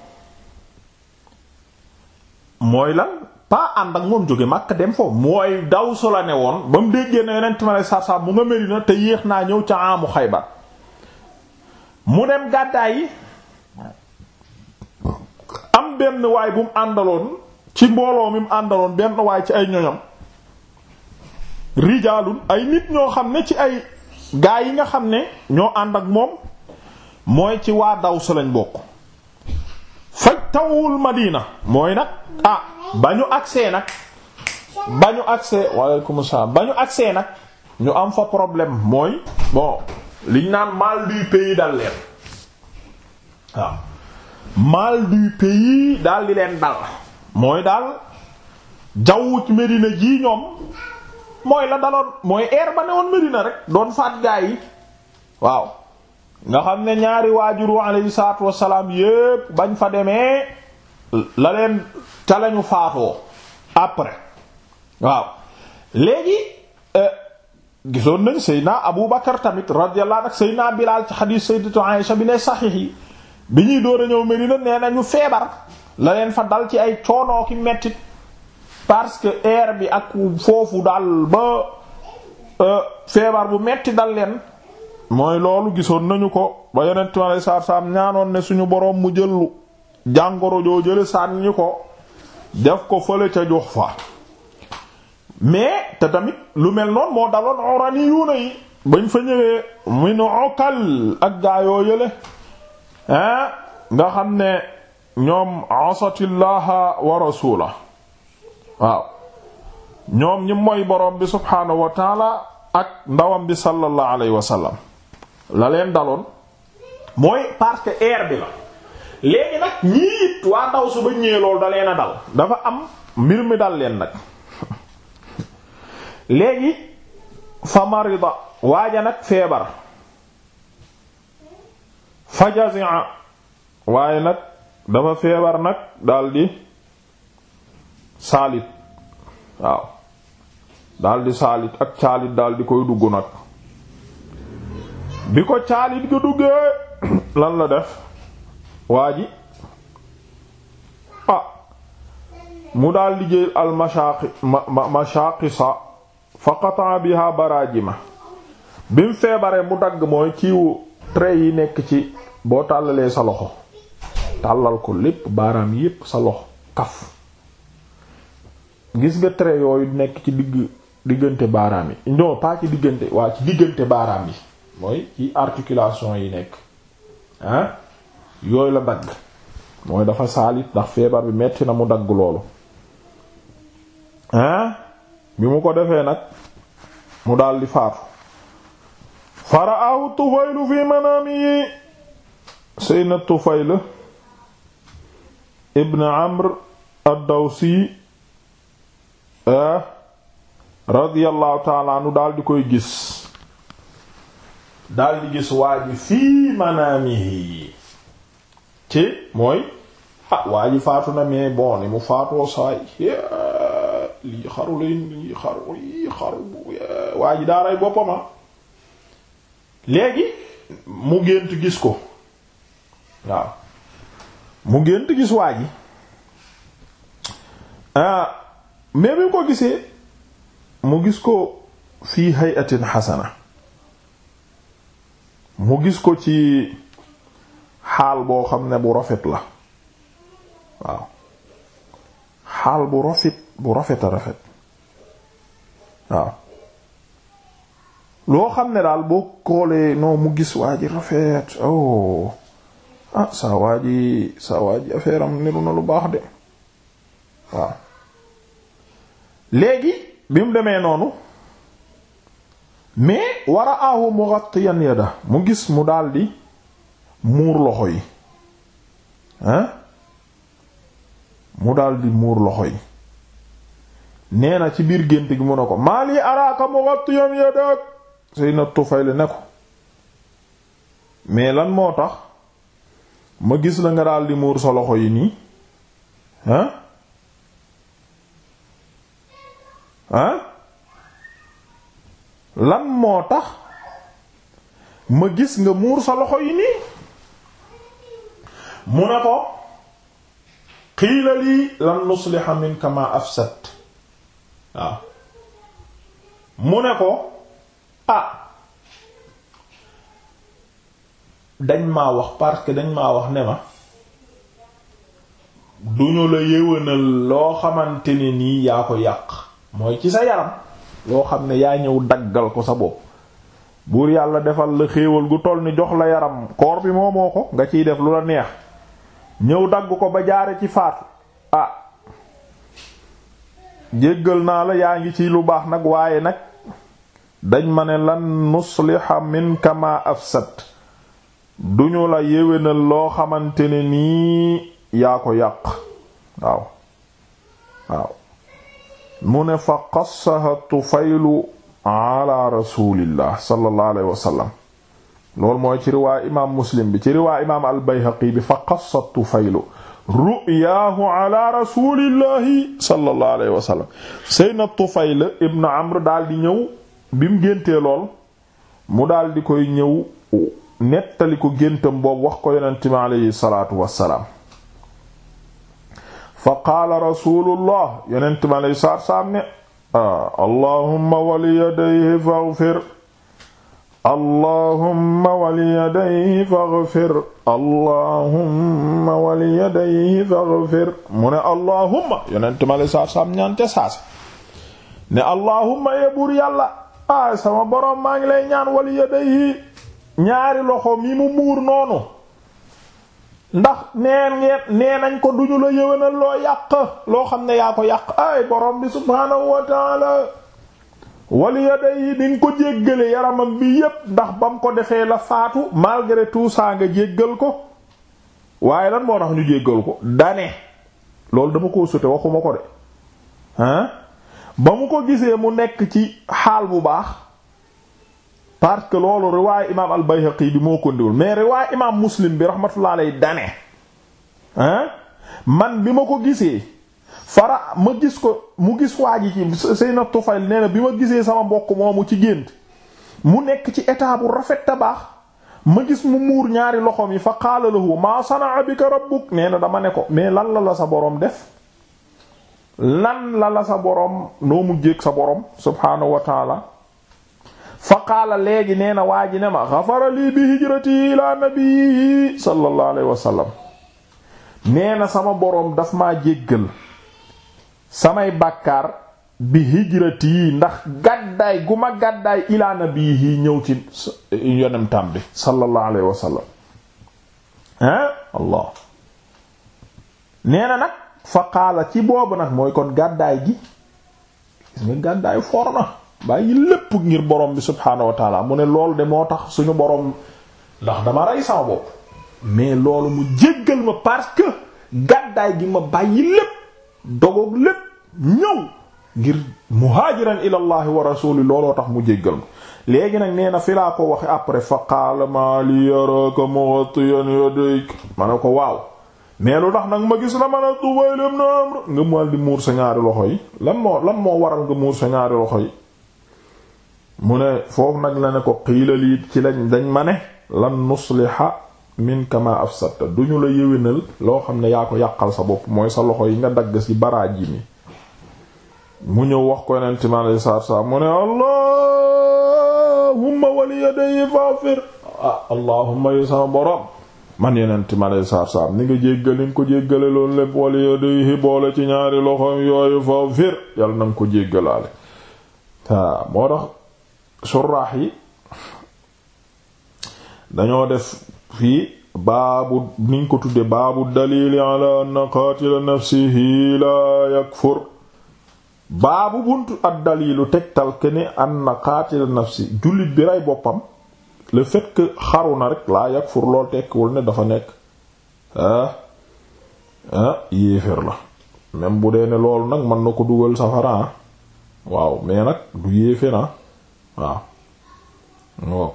mooy la pas ànd ak moom jóge Makka dem foofu mooy daw su la ne woon ba mu déggee ne yonent ma lay saab mu nga Medina te yéex naa ñëw ca amu Xaybar mu dem gàddaay yi am benn waay bu mu àndaloon ci mbooloo mi mu àndaloon benn waay ci ay ñoñam rijaalun ay nit ñoo xam ne ci ay gaa yi nga xam ne ñoo ànd ak moom mooy ci waa Daws lañ bokk faj tawul Madina mooy nag ah ba ñu agsee nag ba ñu agsee waaleykum salaam ba ñu agsee nag ñu am fa problème mooy bon ñu naan mal du pays dal leen waaw mal du pays daal di leen dal mooy daal jawwu Medina ji ñoom mooy la daloon mooy eer ba ne woon Medina rek doon faat gaa yi waaw nga xam ne ñaari waajuru alayhi salaatu wassalaam yépp bañ fa demee la leen ca lañu faatoo après waaw léegi euh, gisoon nañ Seydina Abu Bakar tamit radiyallahu anhu ak Seydina Bilaal ci xadiis Sayyidatu Aisha bi ne saxiix yi bi ñuy door a ñëw Medina nee na feebar la leen fa dal ci ay coonoo ki mettit parce que air bi ak foofu daal ba euh, feebar bu metti dal leen mooy loolu gisoon nañu ko ba yonent mi alei ñaanoon ne suñu boroom mu jëllu jàngoro joo jële sànni ko def ko fële ca jox fa mais te tamit lu mel noonu moo daloon orani yuuna yi bañ fa ñëwee mu nu okal ak gaayoo yële ah nga xam ne ñoom asatillaha wa rasula waaw ñoom ñi mooy borom bi subhaanahu wa taala ak ndawam bi sallallahu alayhi wa sallam la leen daloon mooy parce que bi la léegi nag ñii it waa ndaw su ba ñëwee loolu da leen a dal dafa am mbir mi dal leen nag léegi fa marida waaja nag feebar fa jazi'a waaye nag dafa feebar nag daldi saalit waaw daldi saalit ak caalit daldi koy dugg nag bi ko caalit ga duggee lan la def waa ji ah mu daldi jël al mashaqi mashaqisa fa qata'a biha bi mu feebaree mu dagg mooy kiiwu trait yi nekk ci boo tàllalee sa loxo tàllal ko lépp baaraam yépp sa loxo kaf gis nga trait yooyu nekk ci digg diggante baaraam yi non pas diggante waa ci diggante baaraam yi mooy ci articulation yi nekk ah yooyu la dagg mooy dafa saalit ndax feebar bi metti na mu dagg loolu ah bi mu ko defee nag mu daldi faatu faraahu tufaylu fi manaami seyna tufaylu ibn amr ad Euh, radiyallahu taala anu daal di koy gis daal di gis waa ji fii manaamihi ci mooy ah waa faatu na mais bon ni mu faatoo saay lii xaru lay lii xaru lii xaru waa ji daaray boppama ah. léegi mu gént gis ko waaw mu gént gis waa ah mais bi mu ko gisee mu gis ko fii hayatin xasana mu gis ko ci xaal boo xam ne bu rafet la waaw xaal bu rafet bu rafet a rafet waaw loo xam ne daal boo koolee non mu gis waa ji rafet oh ah saa waa saa waa ji affaire na lu baax de waaw léegi bi mu demee noonu mais war a aahu mughatiyan yada mu gis mu daldi muur loxo yi mu daldi muur loxo yi nee na ci biir gént gi mu ne ko maa lii araaka mughatiyan yadak sayna Tufayl ne ko mais lan moo tax ma gis la nga daldi muur sa loxo yi nii ah lan moo tax ma gis nga muur sa loxo yi nii mu ne ko xiila lii lan nusliha min kama afsat waaw mu ne ko ah dañ ma wax parce dañ ma wax ne ma duñu la yéwénal loo xamante ne nii yaa ko yàq mooy ci sa yaram loo xam ne yaa ñëw daggal ko sa bopp buur yàlla defal la xéewal gu toll ni jox la yaram koor bi moomoo ko nga ciy def lu la neex ñëw dagg ko ba jaare ci faatu ah jéggal naa la yaa ngi ci lu baax nag waaye nag dañ ma ne lan nusliha min du afsat duñu la yéwénal loo xamante ne nii yaa ko yàq waaw waaw mu ne fa qassaha tufaylu ala rasulillah sallallahu alayhi wa sallam mooy ci riwaay imaam muslim bi ci riwaay imaam albayhaqi bi fa qassa tufaylu ru'yaahu ala rasulillahi sallallahu alayhi wa sallam seydna tufayl ibn amr daal di ñëw bi mu géntee lool mu daal di koy ñëw nettali ko géntam boobu wax ko yonente mi alayhi salaatu wasalaam fa qaala rasulullah yonent ma lay saar saam ne ah, allahumma waliyadayhi faghfir allahumma waliyadayhi faghfir allahumma waliyadayhi mu ne allahumma yonent ma lay saar saam ñaante saas ne allahumma yee buur yàlla ah sama boroom maa ngi lay ñaan waliyadayhi ñaari loxo mi mu muur noonu ndax neen ngeen nee nañ ko duñu la yëwénal loo yàq loo xam ne yaa ko yàq ay borom bi subhaanahu wa taala waliya day di nga ko jéggale yaramam bi yépp ndax bam ko defee la faatu malgré tout saa nga jéggal ko waaye lan moo tax ñu jéggal ko dane loolu dama koo sute waxuma ko de ah ba mu ko gisee mu nekk ci xaal bu baax parce que loolu riwaayu imaam al bi moo ko ndiwul mais riwaayu imaam Muslim bi rahmatullahi alayhi dane hein man bi ma ko gisee fara ma gis ko mu gis waa ji ci Seydina Tufayl nee na bi ma gisee sama mbokk moomu ci gént mu nekk ci état bu rafet tabaax ma gis mu muur ñaari loxoom yi fa qaala lahu maa sanaa bika rabbuk nee na dama ne ko mais lan la la sa boroom def lan la la sa boroom noo mujjeek sa borom subhaanahu wa taala fa qaala léegi nee na waa ji ne ma xafara lii bi hijrati ila nabii sallallahu na sama boroom daf maa jéggal samay bàkkaar bi hijrati ndax gàddaay gu ma gàddaay ila nabii ñëw ci yonentam bi sallallahu alayhi wa sallam nag fa qaala ci boobu nag mooy kon gàddaay gi gis nga gàddaay bàyyi lépp ngir borom bi subhaanahu wa taala mu ne loolu de moo tax suñu borom ndax dama rey sama bopp mais loolu mu jéggal ma parce que gàddaay gi ma bàyyi lépp dogoog lépp ñëw ngir muhaajiran ila allahi wa rasuli looloo tax mu jéggal ma léegi nag nee na fi laa ko waxe après fa qaala maa li yaraka mughtiyan yadayk ma ne ko waaw mais lu tax nag ma gis la man a Dubayl ibn Amr nga mual di muur sa ñaari loxo yi lan moo lan moo waral nga muur sa ñaari yi mu ne foofu nag la ne ko xiila lii ci lañ dañ ma ne lan nusliha min kama afsadta du ñu la yéwénal loo xam ne yaa ko yàqal sa bopp mooy sa loxo yi nga dagg si baraaj yi mu ñëw wax ko yonent mi alayhi salaatu salaam mu ne allahumma waliyadayhi fafir ah allahumma yu sama borom man yonent mi alayhi salaatu salaam ni nga jéggal nga ko jéggale loolu lépp waliyadayhi boole ci ñaari loxoom yooyu fafir yàlla na nga ko jéggalaale waaw moo tax suraax yi dañoo def fii baabu niñ ko tuddee baabu dalili ala anna qaatila nafsihi laa yakfur baabu buntu ad dalilu tegtal ke ni anna qaatila nafsi jullit bi rey boppam le fait que xaru na rek laa yakfur lool tekkiwul ne dafa nekk ah, ah la même bu dee ne loolu nag mën na ko dugal safaraa ah, waaw mais nag du yéefe na ah. waaw waaw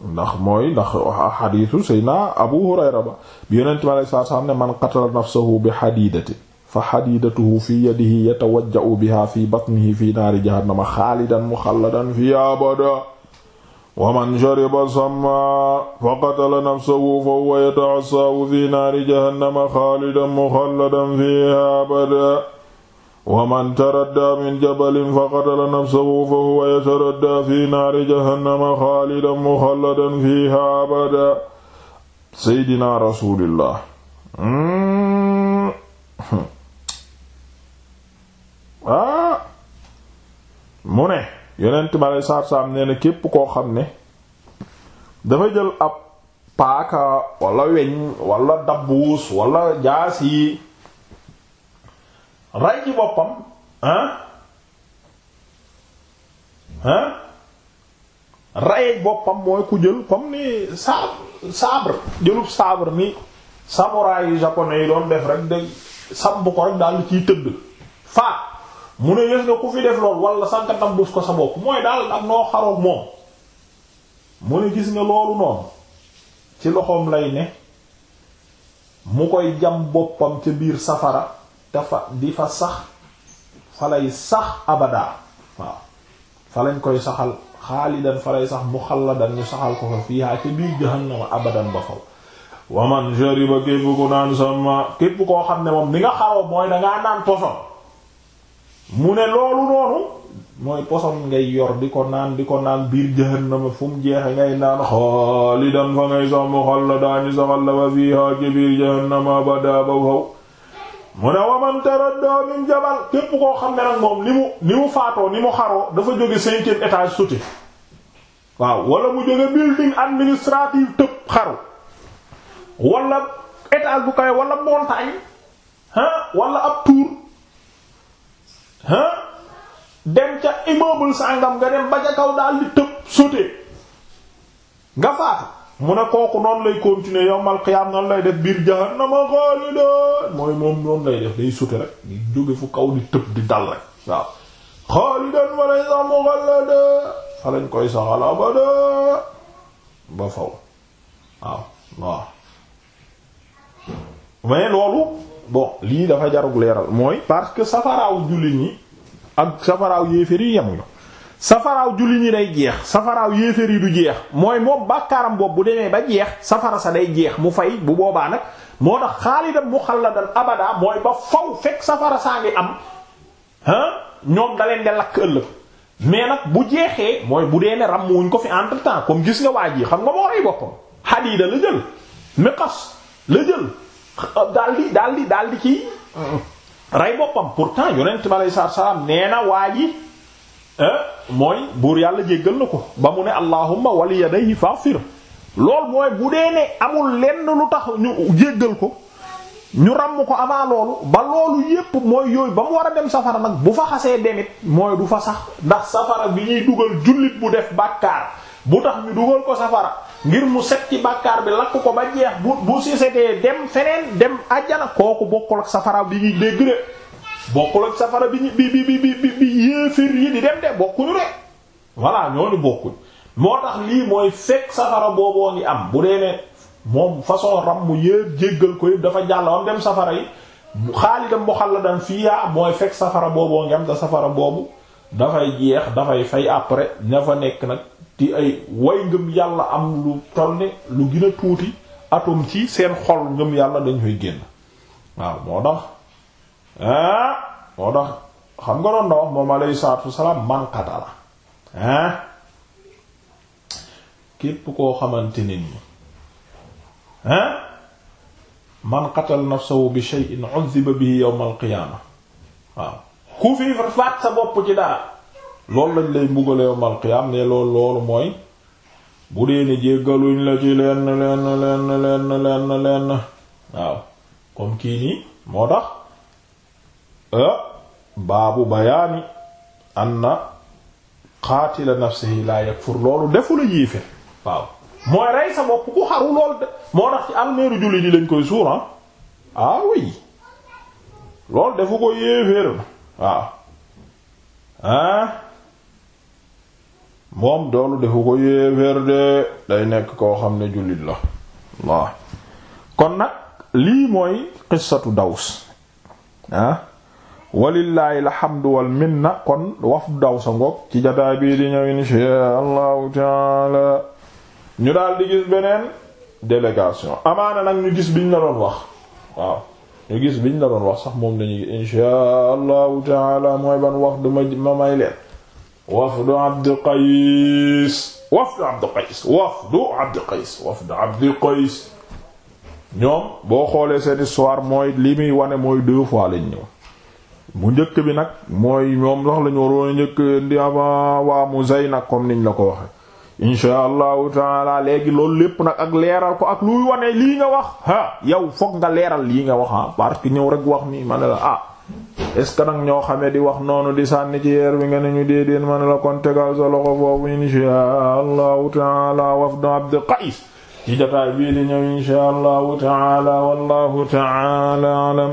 ndax mooy ndax xadiisu sayna abu hurayra ba bi yonent bi alei sat selaam ne man qatala nafsahu bi xadiidati fa xadiidatuhu fi yadihi yatawajja'u biha fi batnihi fi naari jahannama xaalidan muxalladan fiha abada wa man shariba samma fa qatala nafsahu fa huwa yata'assahu fi naari jahannama xaalidan muxalladan fiha abada wa man taradda min jabalin fa qatala fa huwa yataradda fi naari jahannama xaalidan muxalladan fiha abada seydina rasulillah hmm. ah. mu ne yonent ma lay saar-saam nee képp koo xam ne dafa jël ab paaka wala weñ wala dabbuus wala jaas rey ci boppam ah ah rey boppam mooy ku jël comme ni sabre sabre jëlub sabre ni samuraay yu japonais yi doon def rek de samp ko rek daal ciy tëdd faat mu ne gis nga ku fi def loolu wala sànq tambus ko sa bopp mooy daal ak noo xaroog moom mu ne gis nga loolu noonu ci loxoom lay ne mu koy jam boppam ca biir safara dafa di fa sax fa lay sax abada waaw fa lañ koy saxal xaalidan fa lay sax muxalladan ñu saxal ko fa fiihaa ca biir jahannama abadan ba faw waman shariba képp ku koo xam ne moom li nga xaw mooy dangaa naan mu ne loolu noonu mooy poson ngay yor di ko naan di ko naan biir jahannama fu mu jeexe ngay saxal la fa fiihaa ca biir jahannama abada ba faw mu ne waman taradda min képp koo xam ne nag moom ni mu ni mu faatoo ni mu xaroo dafa jóge cinquième étage sauté waaw wala mu jóge building administratif tëb xaru wala étage bu kawe wala montagne ah wala ab tour ah dem ca immeuble sangam nga dem ba ca kaw daal di tëb sauté nga faatu mu ne kooku noonu lay continuer yowmal qiyaam noonu lay def biir jahannama xaalidan mooy moom noonu lay def day sute rek di jóge fu kaw di tëb di dal rek waaw xaalidan walay sax mu xallada fa lañ koy saxal abada ba faw waaw waaw mais loolu bon lii dafa jarug leeral mooy parce que safaraaw jullit ñi ak safaraaw yéeféri yem ñu safaraaw julli ñi day jeex safaraaw yéeféer yi du jeex mooy moom bàkkaaram boobu bu demee ba jeex safara sa day jeex mu fay bu boobaa nag moo tax xaalidan muxalladan abada mooy ba faw fekk safara saa ngi am ah ñoom da leen de lakk ëllëg mais nag bu jeexee mooy bu dee ne ràmm wuñ ko fi entre temps comme gis nga waa ji xam nga moo rey boppam xadiida la jël miqas la jël daal di dal di daal di ci rey boppam pour yonent bi aleyhi salaam nee na waa ji Eh? mooy buur yàlla jéggal na ko ba mu ne allahumma wali yadayhi faghfir lool mooy bu dee ne amul lenn lu tax ñu jéggal ko ñu ràmm ko avant loolu ba loolu yépp mooy yooyu ba mu war a dem safara nag bu fa xasee demit mooy du fa sax ndax safara bi ñuy dugal jullit bu def bàkkaar bu tax ñu dugal ko safara ngir mu set ci bàkkaar bi lakk ko ba jeex bu bu si setee dem feneen dem àjjana kooku bokkul ak safara bi ñuy dégg de bokkul ak safara bi ñu bi bi bi bi bi yéefér yi di dem de bokkuñu de voilà ñooñu bokkuñ moo tax lii mooy fekk safara booboo ngi am bu dee ne moom façon ram mu yépp jéggal ko yépp dafa jàll wam dem safara yi xaalidan muxalladan fiiha mooy fekk safara booboo ngi safara boobu dafay jeex dafay fay après dafa nekk nag di ay way ngëm yàlla am lu toll ni lu gën tuuti atum ci seen xol ngëm yàlla dañ koy génn waaw moo tax ah moo tax xam nga doon na wax moom alayhi salaatu wasalaam man qatala ah képp koo xamante ne nii ah man qatala nafsahu bi shay'in 'udhiba bihi yawm al-qiyaama waaw ku fi faat sa bopp ci daal loolu lañ lay mbugal yawm al-qiyaama ne loolu loolu mooy bu dee ne jéggaluñ la ci lenn lenn lenn lenn waaw comme kii nii moo tax. baabu bayaani anna qaatila nafsihi laa yakfur loolu defu la yéefér waaw mooy rey sa bopp ku xaru loolu de moo tax ci almeeru julli di lañ koy suuraan ah. ah oui defu ko yéeféer waaw ah moom doolu defu ko yéeféer de day nekk koo xam ne jullit la waaw kon nag lii mooy qissatu daws ah walillahi alhamdu wal minna kon waf daw sa ngoog ci jataay bii di ñëw insha allahu taala ñu daal di gis beneen délégation amaana nag ñu gis biñ la doon wax waaw ñu gis biñ la doon wax sax moom dañuy insha allahu taala mooy ban wax duma ma may leen wafdu abdu qays wafdu abdu qays wafdu abdu qays wafdu abdu qays ñoom boo xoolee seen histoire mooy li muy wane mooy deux fois lañ ñëw mu njëkk bi nag mooy ñoom sax lañu ñu waroon a njëkk ndi avant waa Muzayna comme niñ la ko waxe insha allahu taala léegi loolu lépp nag ak leeral ko ak luy wane lii nga wax ah yow foog nga leeral lii nga wax ah parce ñëw rek wax nii ma la ah est ce que nag ñoo xamee di wax noonu di sànni ci yeer bi nga ne ñu déedéet la kon tegal sa loxo foofu insha allahu taala wafdu Abd Qais ci jotaay bii di ñëw insha allahu taala wallahu taala alam